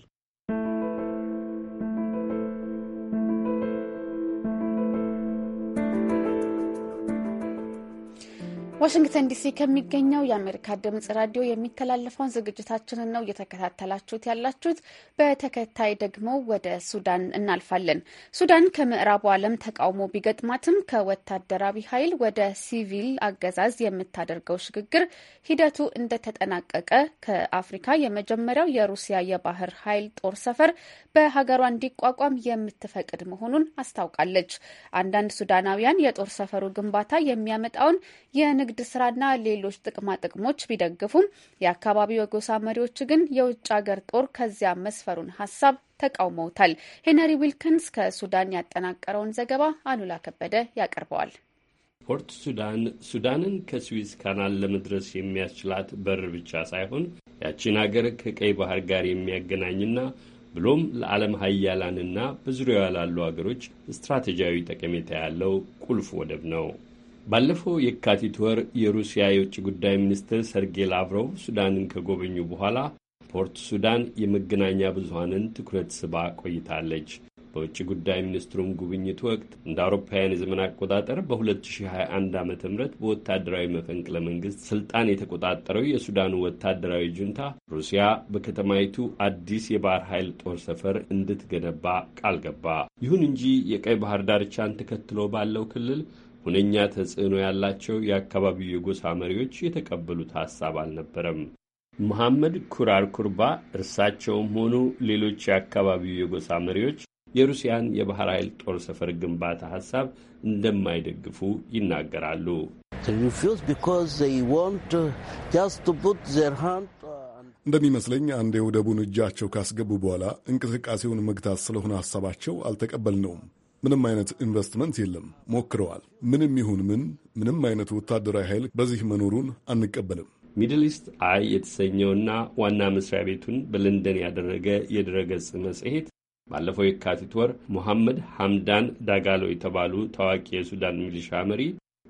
ዋሽንግተን ዲሲ ከሚገኘው የአሜሪካ ድምጽ ራዲዮ የሚተላለፈውን ዝግጅታችንን ነው እየተከታተላችሁት ያላችሁት። በተከታይ ደግሞ ወደ ሱዳን እናልፋለን። ሱዳን ከምዕራቡ ዓለም ተቃውሞ ቢገጥማትም ከወታደራዊ ኃይል ወደ ሲቪል አገዛዝ የምታደርገው ሽግግር ሂደቱ እንደተጠናቀቀ ከአፍሪካ የመጀመሪያው የሩሲያ የባህር ኃይል ጦር ሰፈር በሀገሯ እንዲቋቋም የምትፈቅድ መሆኑን አስታውቃለች። አንዳንድ ሱዳናውያን የጦር ሰፈሩ ግንባታ የሚያመጣውን የንግድ ስራና ሌሎች ጥቅማጥቅሞች ቢደግፉም የአካባቢው የጎሳ መሪዎች ግን የውጭ ሀገር ጦር ከዚያ መስፈሩን ሀሳብ ተቃውመውታል። ሄነሪ ዊልኪንስ ከሱዳን ያጠናቀረውን ዘገባ አሉላ ከበደ ያቀርበዋል። ፖርት ሱዳን ሱዳንን ከስዊዝ ካናል ለመድረስ የሚያስችላት በር ብቻ ሳይሆን ያቺን አገር ከቀይ ባህር ጋር የሚያገናኝና ብሎም ለዓለም ሀያላንና በዙሪያዋ ላሉ አገሮች ስትራቴጂያዊ ጠቀሜታ ያለው ቁልፍ ወደብ ነው። ባለፈው የካቲት ወር የሩሲያ የውጭ ጉዳይ ሚኒስትር ሰርጌይ ላቭሮቭ ሱዳንን ከጎበኙ በኋላ ፖርት ሱዳን የመገናኛ ብዙሀንን ትኩረት ስባ ቆይታለች። በውጭ ጉዳይ ሚኒስትሩም ጉብኝት ወቅት እንደ አውሮፓውያን የዘመን አቆጣጠር በ2021 ዓ ም በወታደራዊ መፈንቅለ መንግስት ስልጣን የተቆጣጠረው የሱዳኑ ወታደራዊ ጁንታ ሩሲያ በከተማይቱ አዲስ የባህር ኃይል ጦር ሰፈር እንድትገነባ ቃል ገባ። ይሁን እንጂ የቀይ ባህር ዳርቻን ተከትሎ ባለው ክልል ሁነኛ ተጽዕኖ ያላቸው የአካባቢው የጎሳ መሪዎች የተቀበሉት ሐሳብ አልነበረም። መሐመድ ኩራር ኩርባ እርሳቸውም ሆኑ ሌሎች የአካባቢው የጎሳ መሪዎች የሩሲያን የባህር ኃይል ጦር ሰፈር ግንባታ ሐሳብ እንደማይደግፉ ይናገራሉ። እንደሚመስለኝ አንዴ ወደቡን እጃቸው ካስገቡ በኋላ እንቅስቃሴውን መግታት ስለሆነ ሐሳባቸው አልተቀበልነውም። ምንም አይነት ኢንቨስትመንት የለም። ሞክረዋል። ምንም ይሁን ምን ምንም አይነት ወታደራዊ ኃይል በዚህ መኖሩን አንቀበልም። ሚድል ኢስት አይ የተሰኘውና ዋና መስሪያ ቤቱን በለንደን ያደረገ የድረገጽ መጽሔት ባለፈው የካቲት ወር ሙሐመድ ሐምዳን ዳጋሎ የተባሉ ታዋቂ የሱዳን ሚሊሻ መሪ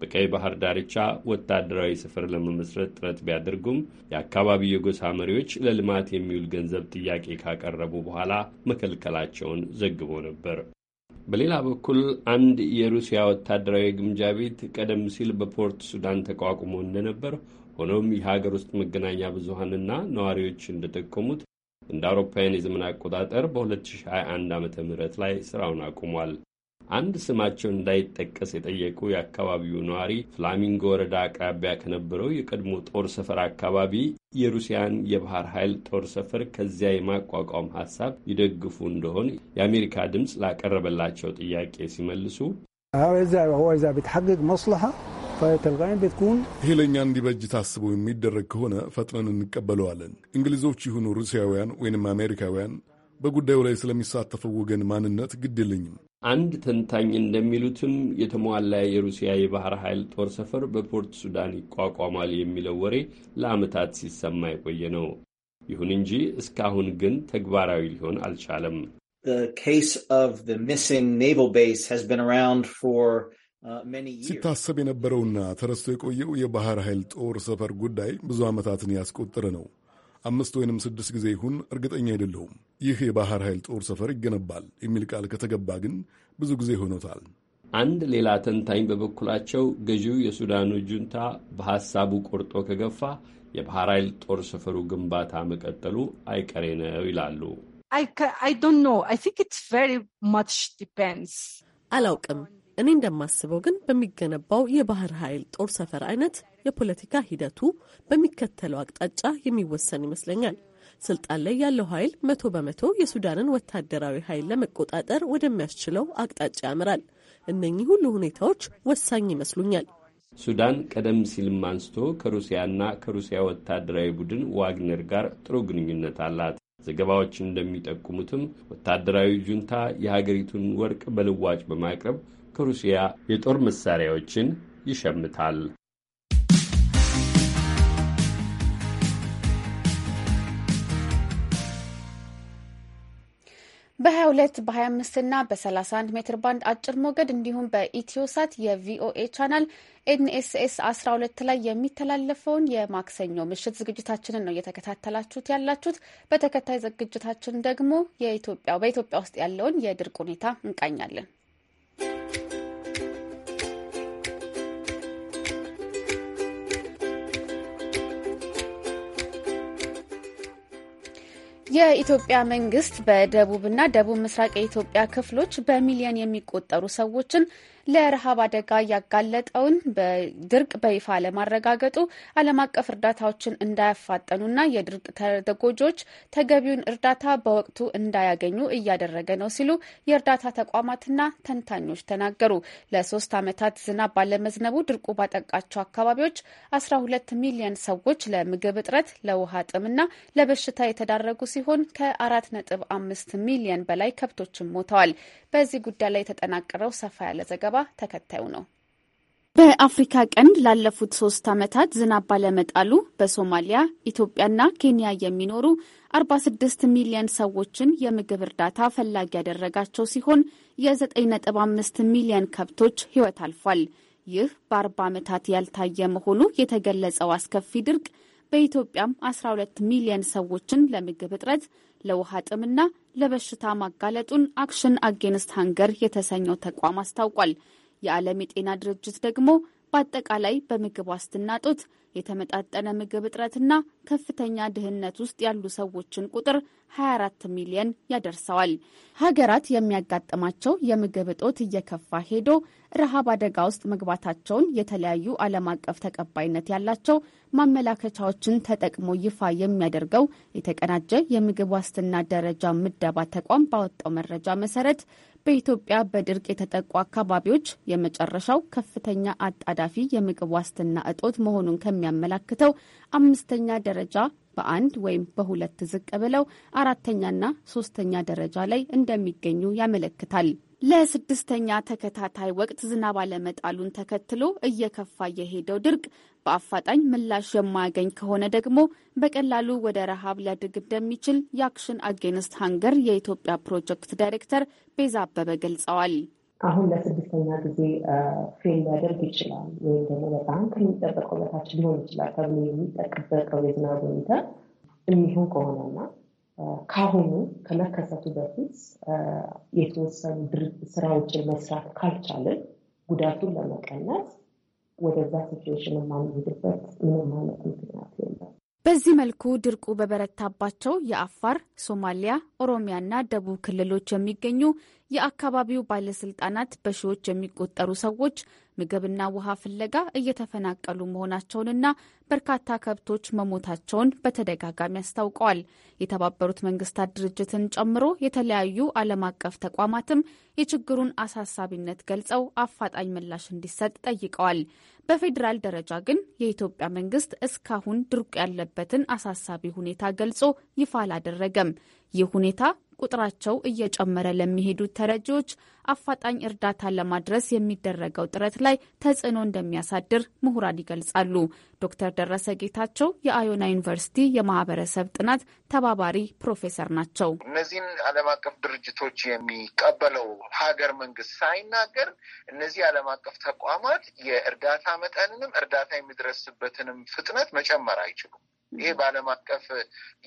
በቀይ ባህር ዳርቻ ወታደራዊ ስፍር ለመመስረት ጥረት ቢያደርጉም የአካባቢው የጎሳ መሪዎች ለልማት የሚውል ገንዘብ ጥያቄ ካቀረቡ በኋላ መከልከላቸውን ዘግቦ ነበር። በሌላ በኩል አንድ የሩሲያ ወታደራዊ ግምጃ ቤት ቀደም ሲል በፖርት ሱዳን ተቋቁሞ እንደነበር ሆኖም የሀገር ውስጥ መገናኛ ብዙሀንና ነዋሪዎች እንደጠቆሙት እንደ አውሮፓውያን የዘመን አቆጣጠር በ2021 ዓ ም ላይ ስራውን አቁሟል። አንድ ስማቸው እንዳይጠቀስ የጠየቁ የአካባቢው ነዋሪ ፍላሚንጎ ወረዳ አቅራቢያ ከነበረው የቀድሞ ጦር ሰፈር አካባቢ የሩሲያን የባህር ኃይል ጦር ሰፈር ከዚያ የማቋቋም ሀሳብ ይደግፉ እንደሆን የአሜሪካ ድምፅ ላቀረበላቸው ጥያቄ ሲመልሱ ይህ ለእኛ እንዲበጅ ታስቦ የሚደረግ ከሆነ ፈጥነን እንቀበለዋለን። እንግሊዞች ይሁኑ ሩሲያውያን ወይንም አሜሪካውያን በጉዳዩ ላይ ስለሚሳተፈው ወገን ማንነት ግድ የለኝም። አንድ ተንታኝ እንደሚሉትም የተሟላ የሩሲያ የባህር ኃይል ጦር ሰፈር በፖርት ሱዳን ይቋቋማል የሚለው ወሬ ለዓመታት ሲሰማ የቆየ ነው። ይሁን እንጂ እስካሁን ግን ተግባራዊ ሊሆን አልቻለም። uh, ሲታሰብ የነበረውና ተረስቶ የቆየው የባህር ኃይል ጦር ሰፈር ጉዳይ ብዙ ዓመታትን ያስቆጠረ ነው። አምስት ወይንም ስድስት ጊዜ ይሁን እርግጠኛ አይደለሁም። ይህ የባህር ኃይል ጦር ሰፈር ይገነባል የሚል ቃል ከተገባ ግን ብዙ ጊዜ ሆኖታል። አንድ ሌላ ተንታኝ በበኩላቸው ገዢው የሱዳኑ ጁንታ በሐሳቡ ቆርጦ ከገፋ የባህር ኃይል ጦር ሰፈሩ ግንባታ መቀጠሉ አይቀሬ ነው ይላሉ። አላውቅም። እኔ እንደማስበው ግን በሚገነባው የባህር ኃይል ጦር ሰፈር አይነት የፖለቲካ ሂደቱ በሚከተለው አቅጣጫ የሚወሰን ይመስለኛል። ስልጣን ላይ ያለው ኃይል መቶ በመቶ የሱዳንን ወታደራዊ ኃይል ለመቆጣጠር ወደሚያስችለው አቅጣጫ ያምራል። እነኚህ ሁሉ ሁኔታዎች ወሳኝ ይመስሉኛል። ሱዳን ቀደም ሲልም አንስቶ ከሩሲያና ከሩሲያ ወታደራዊ ቡድን ዋግነር ጋር ጥሩ ግንኙነት አላት። ዘገባዎች እንደሚጠቁሙትም ወታደራዊ ጁንታ የሀገሪቱን ወርቅ በልዋጭ በማቅረብ ከሩሲያ የጦር መሳሪያዎችን ይሸምታል። በ22 በ25 እና በ31 ሜትር ባንድ አጭር ሞገድ እንዲሁም በኢትዮሳት የቪኦኤ ቻናል ኤንኤስኤስ 12 ላይ የሚተላለፈውን የማክሰኞ ምሽት ዝግጅታችንን ነው እየተከታተላችሁት ያላችሁት። በተከታይ ዝግጅታችን ደግሞ በኢትዮጵያ ውስጥ ያለውን የድርቅ ሁኔታ እንቃኛለን። የኢትዮጵያ መንግስት በደቡብና ደቡብ ምስራቅ የኢትዮጵያ ክፍሎች በሚሊዮን የሚቆጠሩ ሰዎችን ለረሃብ አደጋ ያጋለጠውን በድርቅ በይፋ ለማረጋገጡ ዓለም አቀፍ እርዳታዎችን እንዳያፋጠኑና የድርቅ ተጎጂዎች ተገቢውን እርዳታ በወቅቱ እንዳያገኙ እያደረገ ነው ሲሉ የእርዳታ ተቋማትና ተንታኞች ተናገሩ። ለሶስት ዓመታት ዝናብ ባለመዝነቡ ድርቁ ባጠቃቸው አካባቢዎች 12 ሚሊዮን ሰዎች ለምግብ እጥረት፣ ለውሃ ጥምና ለበሽታ የተዳረጉ ሲሆን ከ4.5 ሚሊዮን በላይ ከብቶችም ሞተዋል። በዚህ ጉዳይ ላይ የተጠናቀረው ሰፋ ያለ ዘገባ ተከታዩ ነው። በአፍሪካ ቀንድ ላለፉት ሶስት ዓመታት ዝናብ ባለመጣሉ በሶማሊያ ኢትዮጵያና ኬንያ የሚኖሩ 46 ሚሊዮን ሰዎችን የምግብ እርዳታ ፈላጊ ያደረጋቸው ሲሆን የ9.5 ሚሊዮን ከብቶች ሕይወት አልፏል። ይህ በ40 ዓመታት ያልታየ መሆኑ የተገለጸው አስከፊ ድርቅ በኢትዮጵያም 12 ሚሊዮን ሰዎችን ለምግብ እጥረት ለውሃ ጥምና ለበሽታ ማጋለጡን አክሽን አጌንስት ሃንገር የተሰኘው ተቋም አስታውቋል። የዓለም የጤና ድርጅት ደግሞ በአጠቃላይ በምግብ ዋስትና ጡት፣ የተመጣጠነ ምግብ እጥረትና ከፍተኛ ድህነት ውስጥ ያሉ ሰዎችን ቁጥር 24 ሚሊየን ያደርሰዋል። ሀገራት የሚያጋጥማቸው የምግብ እጦት እየከፋ ሄዶ ረሃብ አደጋ ውስጥ መግባታቸውን የተለያዩ ዓለም አቀፍ ተቀባይነት ያላቸው ማመላከቻዎችን ተጠቅሞ ይፋ የሚያደርገው የተቀናጀ የምግብ ዋስትና ደረጃ ምደባ ተቋም ባወጣው መረጃ መሰረት በኢትዮጵያ በድርቅ የተጠቁ አካባቢዎች የመጨረሻው ከፍተኛ አጣዳፊ የምግብ ዋስትና እጦት መሆኑን ከሚያመላክተው አምስተኛ ደረጃ በአንድ ወይም በሁለት ዝቅ ብለው አራተኛና ሶስተኛ ደረጃ ላይ እንደሚገኙ ያመለክታል። ለስድስተኛ ተከታታይ ወቅት ዝናብ አለመጣሉን ተከትሎ እየከፋ የሄደው ድርቅ በአፋጣኝ ምላሽ የማያገኝ ከሆነ ደግሞ በቀላሉ ወደ ረሃብ ሊያድግ እንደሚችል የአክሽን አጌንስት ሀንገር የኢትዮጵያ ፕሮጀክት ዳይሬክተር ቤዛ አበበ ገልጸዋል። አሁን ለስድስተኛ ጊዜ ፌል ሊያደርግ ይችላል ወይም ደግሞ በጣም ከሚጠበቀው በታች ሊሆን ይችላል ተብሎ የሚጠበቀው የዝናብ ሁኔታ የሚሆን ከሆነና ካሁኑ ከመከሰቱ በፊት የተወሰኑ ስራዎችን መስራት ካልቻልን ጉዳቱን ለመቀነስ ወደዛ ሲትዌሽን የማንሄድበት ምንም አይነት ምክንያት የለም። በዚህ መልኩ ድርቁ በበረታባቸው የአፋር፣ ሶማሊያ፣ ኦሮሚያና ደቡብ ክልሎች የሚገኙ የአካባቢው ባለስልጣናት በሺዎች የሚቆጠሩ ሰዎች ምግብና ውሃ ፍለጋ እየተፈናቀሉ መሆናቸውንና በርካታ ከብቶች መሞታቸውን በተደጋጋሚ አስታውቀዋል። የተባበሩት መንግስታት ድርጅትን ጨምሮ የተለያዩ ዓለም አቀፍ ተቋማትም የችግሩን አሳሳቢነት ገልጸው አፋጣኝ ምላሽ እንዲሰጥ ጠይቀዋል። በፌዴራል ደረጃ ግን የኢትዮጵያ መንግስት እስካሁን ድርቁ ያለበትን አሳሳቢ ሁኔታ ገልጾ ይፋ አላደረገም። ይህ ሁኔታ ቁጥራቸው እየጨመረ ለሚሄዱት ተረጂዎች አፋጣኝ እርዳታ ለማድረስ የሚደረገው ጥረት ላይ ተጽዕኖ እንደሚያሳድር ምሁራን ይገልጻሉ። ዶክተር ደረሰ ጌታቸው የአዮና ዩኒቨርሲቲ የማህበረሰብ ጥናት ተባባሪ ፕሮፌሰር ናቸው። እነዚህን ዓለም አቀፍ ድርጅቶች የሚቀበለው ሀገር መንግስት ሳይናገር እነዚህ ዓለም አቀፍ ተቋማት የእርዳታ መጠንንም እርዳታ የሚደረስበትንም ፍጥነት መጨመር አይችሉም። ይሄ በዓለም አቀፍ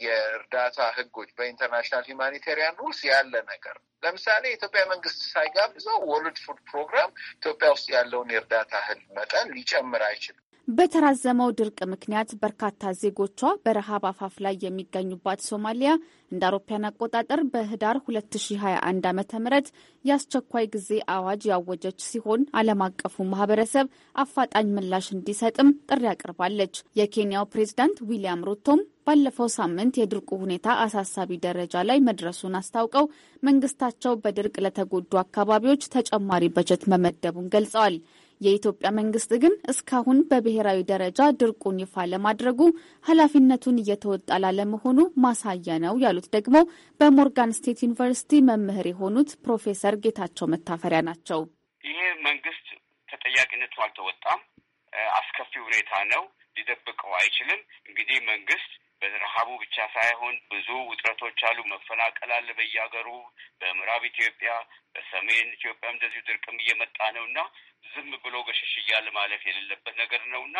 የእርዳታ ህጎች በኢንተርናሽናል ሂማኒቴሪያን ሩልስ ያለ ነገር ለምሳሌ የኢትዮጵያ መንግስት ሳይጋብዘው ወርልድ ፉድ ፕሮግራም ኢትዮጵያ ውስጥ ያለውን የእርዳታ እህል መጠን ሊጨምር አይችልም። በተራዘመው ድርቅ ምክንያት በርካታ ዜጎቿ በረሃብ አፋፍ ላይ የሚገኙባት ሶማሊያ እንደ አውሮፓውያን አቆጣጠር በህዳር 2021 ዓ ም የአስቸኳይ ጊዜ አዋጅ ያወጀች ሲሆን ዓለም አቀፉ ማህበረሰብ አፋጣኝ ምላሽ እንዲሰጥም ጥሪ አቅርባለች። የኬንያው ፕሬዝዳንት ዊሊያም ሩቶም ባለፈው ሳምንት የድርቁ ሁኔታ አሳሳቢ ደረጃ ላይ መድረሱን አስታውቀው መንግስታቸው በድርቅ ለተጎዱ አካባቢዎች ተጨማሪ በጀት መመደቡን ገልጸዋል። የኢትዮጵያ መንግስት ግን እስካሁን በብሔራዊ ደረጃ ድርቁን ይፋ ለማድረጉ ኃላፊነቱን እየተወጣ ላለመሆኑ ማሳያ ነው ያሉት ደግሞ በሞርጋን ስቴት ዩኒቨርሲቲ መምህር የሆኑት ፕሮፌሰር ጌታቸው መታፈሪያ ናቸው። ይሄ መንግስት ተጠያቂነቱ አልተወጣም። አስከፊ ሁኔታ ነው። ሊደብቀው አይችልም። እንግዲህ መንግስት በረሃቡ ብቻ ሳይሆን ብዙ ውጥረቶች አሉ። መፈናቀል አለ በየሀገሩ በምዕራብ ኢትዮጵያ፣ በሰሜን ኢትዮጵያ እንደዚሁ ድርቅም እየመጣ ነው እና ዝም ብሎ ገሸሽ እያለ ማለፍ የሌለበት ነገር ነው እና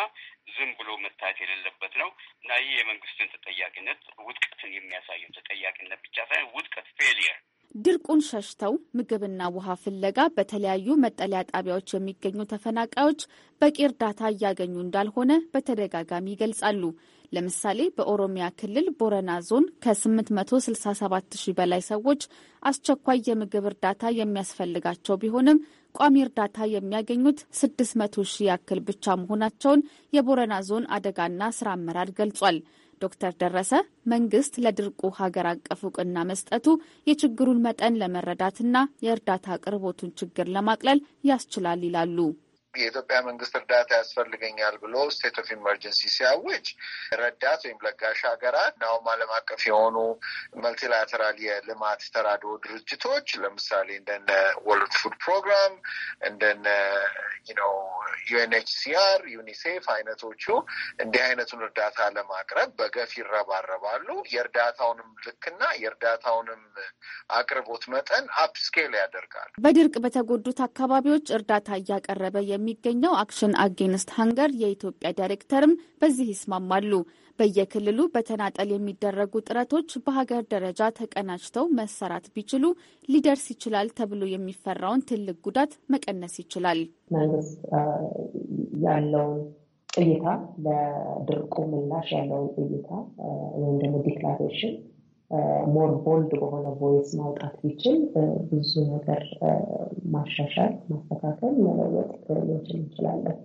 ዝም ብሎ መታየት የሌለበት ነው እና ይህ የመንግስትን ተጠያቂነት ውጥቀትን የሚያሳየው ተጠያቂነት ብቻ ሳይሆን ውጥቀት ፌሊየር ድርቁን ሸሽተው ምግብና ውሃ ፍለጋ በተለያዩ መጠለያ ጣቢያዎች የሚገኙ ተፈናቃዮች በቂ እርዳታ እያገኙ እንዳልሆነ በተደጋጋሚ ይገልጻሉ። ለምሳሌ በኦሮሚያ ክልል ቦረና ዞን ከ867 ሺህ በላይ ሰዎች አስቸኳይ የምግብ እርዳታ የሚያስፈልጋቸው ቢሆንም ቋሚ እርዳታ የሚያገኙት 600 ሺህ ያክል ብቻ መሆናቸውን የቦረና ዞን አደጋና ስራ አመራር ገልጿል። ዶክተር ደረሰ መንግስት ለድርቁ ሀገር አቀፍ እውቅና መስጠቱ የችግሩን መጠን ለመረዳትና የእርዳታ አቅርቦቱን ችግር ለማቅለል ያስችላል ይላሉ። የኢትዮጵያ መንግስት እርዳታ ያስፈልገኛል ብሎ ስቴት ኦፍ ኢመርጀንሲ ሲያውጅ ረዳት ወይም ለጋሽ ሀገራት ናሁም ዓለም አቀፍ የሆኑ መልቲላተራል የልማት ተራድኦ ድርጅቶች ለምሳሌ እንደነ ወርልድ ፉድ ፕሮግራም እንደነ ነው ዩኤንኤችሲአር፣ ዩኒሴፍ አይነቶቹ እንዲህ አይነቱን እርዳታ ለማቅረብ በገፍ ይረባረባሉ። የእርዳታውንም ልክና የእርዳታውንም አቅርቦት መጠን አፕስኬል ያደርጋል። በድርቅ በተጎዱት አካባቢዎች እርዳታ እያቀረበ የሚገኘው አክሽን አጌንስት ሀንገር የኢትዮጵያ ዳይሬክተርም በዚህ ይስማማሉ። በየክልሉ በተናጠል የሚደረጉ ጥረቶች በሀገር ደረጃ ተቀናጅተው መሰራት ቢችሉ ሊደርስ ይችላል ተብሎ የሚፈራውን ትልቅ ጉዳት መቀነስ ይችላል። መንግስት ያለውን እይታ ለድርቁ ምላሽ ያለውን እይታ ወይም ደግሞ ዲክላሬሽን ሞር uh, ቦልድ በሆነ ቮይስ ማውጣት ቢችል uh, ብዙ ነገር uh, ማሻሻል፣ ማስተካከል፣ መለወጥ ልንችል እንችላለን።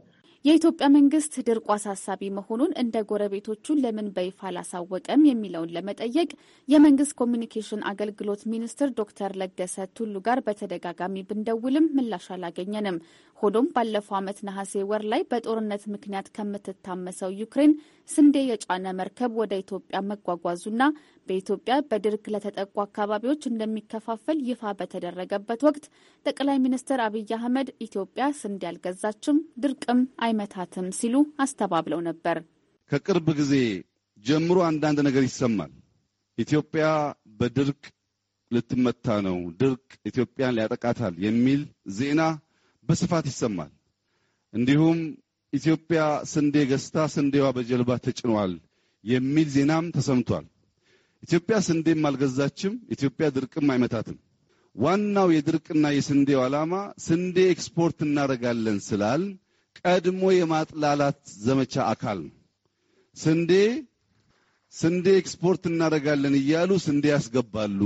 የኢትዮጵያ መንግስት ድርቁ አሳሳቢ መሆኑን እንደ ጎረቤቶቹ ለምን በይፋ አላሳወቀም የሚለውን ለመጠየቅ የመንግስት ኮሚኒኬሽን አገልግሎት ሚኒስትር ዶክተር ለገሰ ቱሉ ጋር በተደጋጋሚ ብንደውልም ምላሽ አላገኘንም። ሆኖም ባለፈው ዓመት ነሐሴ ወር ላይ በጦርነት ምክንያት ከምትታመሰው ዩክሬን ስንዴ የጫነ መርከብ ወደ ኢትዮጵያ መጓጓዙና በኢትዮጵያ በድርቅ ለተጠቁ አካባቢዎች እንደሚከፋፈል ይፋ በተደረገበት ወቅት ጠቅላይ ሚኒስትር አብይ አህመድ ኢትዮጵያ ስንዴ ያልገዛችም ድርቅም አይመታትም ሲሉ አስተባብለው ነበር። ከቅርብ ጊዜ ጀምሮ አንዳንድ ነገር ይሰማል። ኢትዮጵያ በድርቅ ልትመታ ነው፣ ድርቅ ኢትዮጵያን ሊያጠቃታል የሚል ዜና በስፋት ይሰማል። እንዲሁም ኢትዮጵያ ስንዴ ገዝታ ስንዴዋ በጀልባ ተጭኗል የሚል ዜናም ተሰምቷል። ኢትዮጵያ ስንዴም አልገዛችም። ኢትዮጵያ ድርቅም አይመታትም። ዋናው የድርቅና የስንዴው ዓላማ ስንዴ ኤክስፖርት እናደርጋለን ስላል ቀድሞ የማጥላላት ዘመቻ አካል ነው። ስንዴ ስንዴ ኤክስፖርት እናደርጋለን እያሉ ስንዴ ያስገባሉ።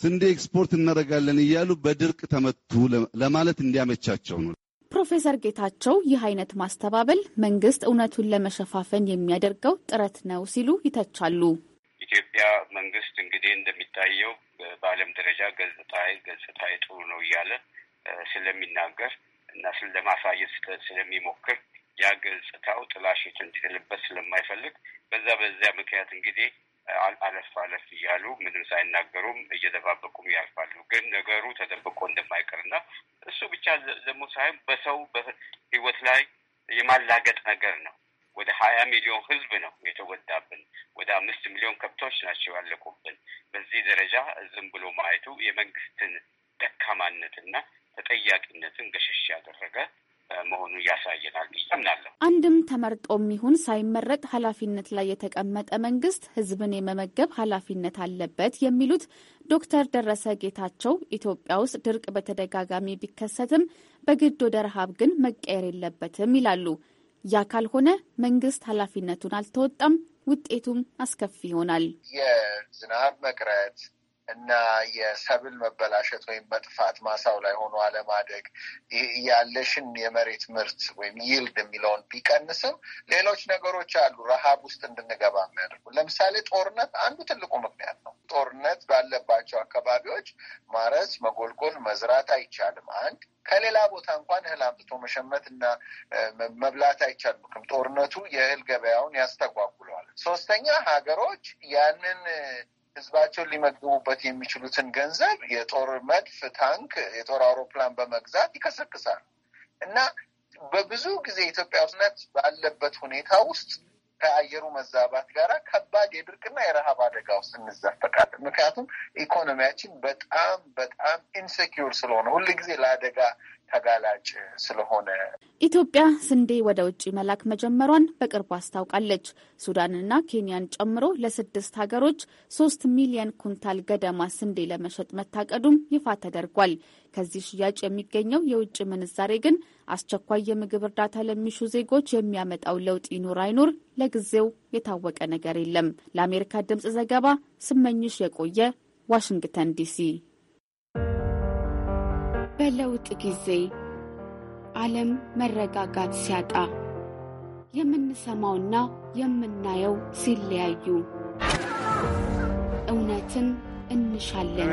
ስንዴ ኤክስፖርት እናደርጋለን እያሉ በድርቅ ተመቱ ለማለት እንዲያመቻቸው ነው። ፕሮፌሰር ጌታቸው ይህ አይነት ማስተባበል መንግስት እውነቱን ለመሸፋፈን የሚያደርገው ጥረት ነው ሲሉ ይተቻሉ። ኢትዮጵያ መንግስት እንግዲህ እንደሚታየው በዓለም ደረጃ ገጽታዬ ገጽታዬ ጥሩ ነው እያለ ስለሚናገር እና ለማሳየት ስለሚሞክር ያ ገጽታው ጥላሽት እንዲጥልበት ስለማይፈልግ በዛ በዚያ ምክንያት እንግዲህ አለፍ አለፍ እያሉ ምንም ሳይናገሩም እየደባበቁም ያልፋሉ። ግን ነገሩ ተደብቆ እንደማይቀርና እሱ ብቻ ደግሞ ሳይሆን በሰው ህይወት ላይ የማላገጥ ነገር ነው። ወደ ሀያ ሚሊዮን ህዝብ ነው የተጎዳብን። ወደ አምስት ሚሊዮን ከብቶች ናቸው ያለቁብን። በዚህ ደረጃ ዝም ብሎ ማየቱ የመንግስትን ደካማነትና ተጠያቂነትን ገሸሽ ያደረገ መሆኑ ያሳየናል ብዬ አምናለሁ። አንድም ተመርጦም ይሁን ሳይመረጥ ኃላፊነት ላይ የተቀመጠ መንግስት ህዝብን የመመገብ ኃላፊነት አለበት የሚሉት ዶክተር ደረሰ ጌታቸው ኢትዮጵያ ውስጥ ድርቅ በተደጋጋሚ ቢከሰትም በግድ ወደ ረሃብ ግን መቀየር የለበትም ይላሉ። ያ ካልሆነ መንግስት ኃላፊነቱን አልተወጣም፣ ውጤቱም አስከፊ ይሆናል። የዝናብ መቅረት እና የሰብል መበላሸት ወይም መጥፋት ማሳው ላይ ሆኖ አለማደግ ያለሽን የመሬት ምርት ወይም ይልድ የሚለውን ቢቀንስም ሌሎች ነገሮች አሉ ረሃብ ውስጥ እንድንገባ የሚያደርጉ ለምሳሌ ጦርነት አንዱ ትልቁ ምክንያት ነው። ጦርነት ባለባቸው አካባቢዎች ማረስ፣ መጎልጎል፣ መዝራት አይቻልም። አንድ ከሌላ ቦታ እንኳን እህል አምጥቶ መሸመት እና መብላት አይቻልም። ጦርነቱ የእህል ገበያውን ያስተጓጉለዋል። ሶስተኛ ሀገሮች ያንን ህዝባቸውን ሊመግቡበት የሚችሉትን ገንዘብ የጦር መድፍ፣ ታንክ፣ የጦር አውሮፕላን በመግዛት ይከሰክሳል እና በብዙ ጊዜ ኢትዮጵያ ውስጥ ባለበት ሁኔታ ውስጥ ከአየሩ መዛባት ጋር ከባድ የድርቅና የረሃብ አደጋ ውስጥ እንዘፈቃለን። ምክንያቱም ኢኮኖሚያችን በጣም በጣም ኢንሴኪር ስለሆነ ሁልጊዜ ለአደጋ ተጋላጭ ስለሆነ ኢትዮጵያ ስንዴ ወደ ውጭ መላክ መጀመሯን በቅርቡ አስታውቃለች። ሱዳንና ኬንያን ጨምሮ ለስድስት ሀገሮች ሶስት ሚሊየን ኩንታል ገደማ ስንዴ ለመሸጥ መታቀዱም ይፋ ተደርጓል። ከዚህ ሽያጭ የሚገኘው የውጭ ምንዛሬ ግን አስቸኳይ የምግብ እርዳታ ለሚሹ ዜጎች የሚያመጣው ለውጥ ይኑር አይኑር ለጊዜው የታወቀ ነገር የለም። ለአሜሪካ ድምፅ ዘገባ ስመኝሽ የቆየ ዋሽንግተን ዲሲ። በለውጥ ጊዜ ዓለም መረጋጋት ሲያጣ የምንሰማውና የምናየው ሲለያዩ እውነትን እንሻለን።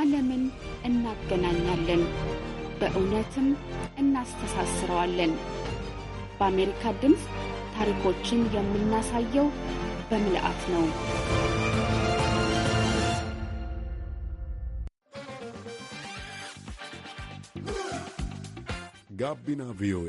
ዓለምን እናገናኛለን፣ በእውነትም እናስተሳስረዋለን። በአሜሪካ ድምፅ ታሪኮችን የምናሳየው በምልአት ነው። ጋቢና ቪኦኤ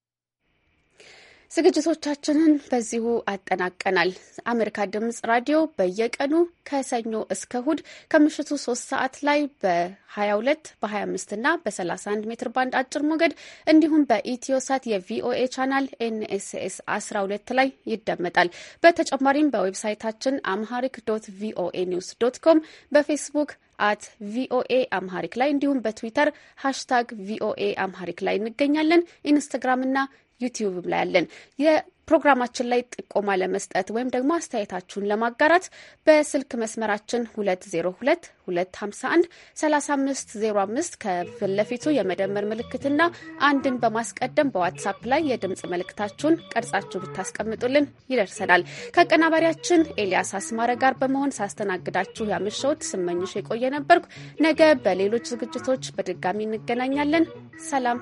ዝግጅቶቻችንን በዚሁ አጠናቀናል። አሜሪካ ድምጽ ራዲዮ በየቀኑ ከሰኞ እስከ እሁድ ከምሽቱ ሶስት ሰዓት ላይ በ22 በ25 እና በ31 ሜትር ባንድ አጭር ሞገድ እንዲሁም በኢትዮሳት የቪኦኤ ቻናል ኤንኤስኤስ 12 ላይ ይደመጣል። በተጨማሪም በዌብሳይታችን አምሃሪክ ዶት ቪኦኤ ኒውስ ዶት ኮም በፌስቡክ አት ቪኦኤ አምሃሪክ ላይ እንዲሁም በትዊተር ሃሽታግ ቪኦኤ አምሃሪክ ላይ እንገኛለን። ኢንስታግራም ዩቲዩብ ላይ ፕሮግራማችን ላይ ጥቆማ ለመስጠት ወይም ደግሞ አስተያየታችሁን ለማጋራት በስልክ መስመራችን 2022513505 ከፊት ለፊቱ የመደመር ምልክትና አንድን በማስቀደም በዋትሳፕ ላይ የድምፅ መልእክታችሁን ቀርጻችሁ ብታስቀምጡልን ይደርሰናል። ከአቀናባሪያችን ኤልያስ አስማረ ጋር በመሆን ሳስተናግዳችሁ ያመሸሁት ስመኝሽ የቆየ ነበርኩ። ነገ በሌሎች ዝግጅቶች በድጋሚ እንገናኛለን። ሰላም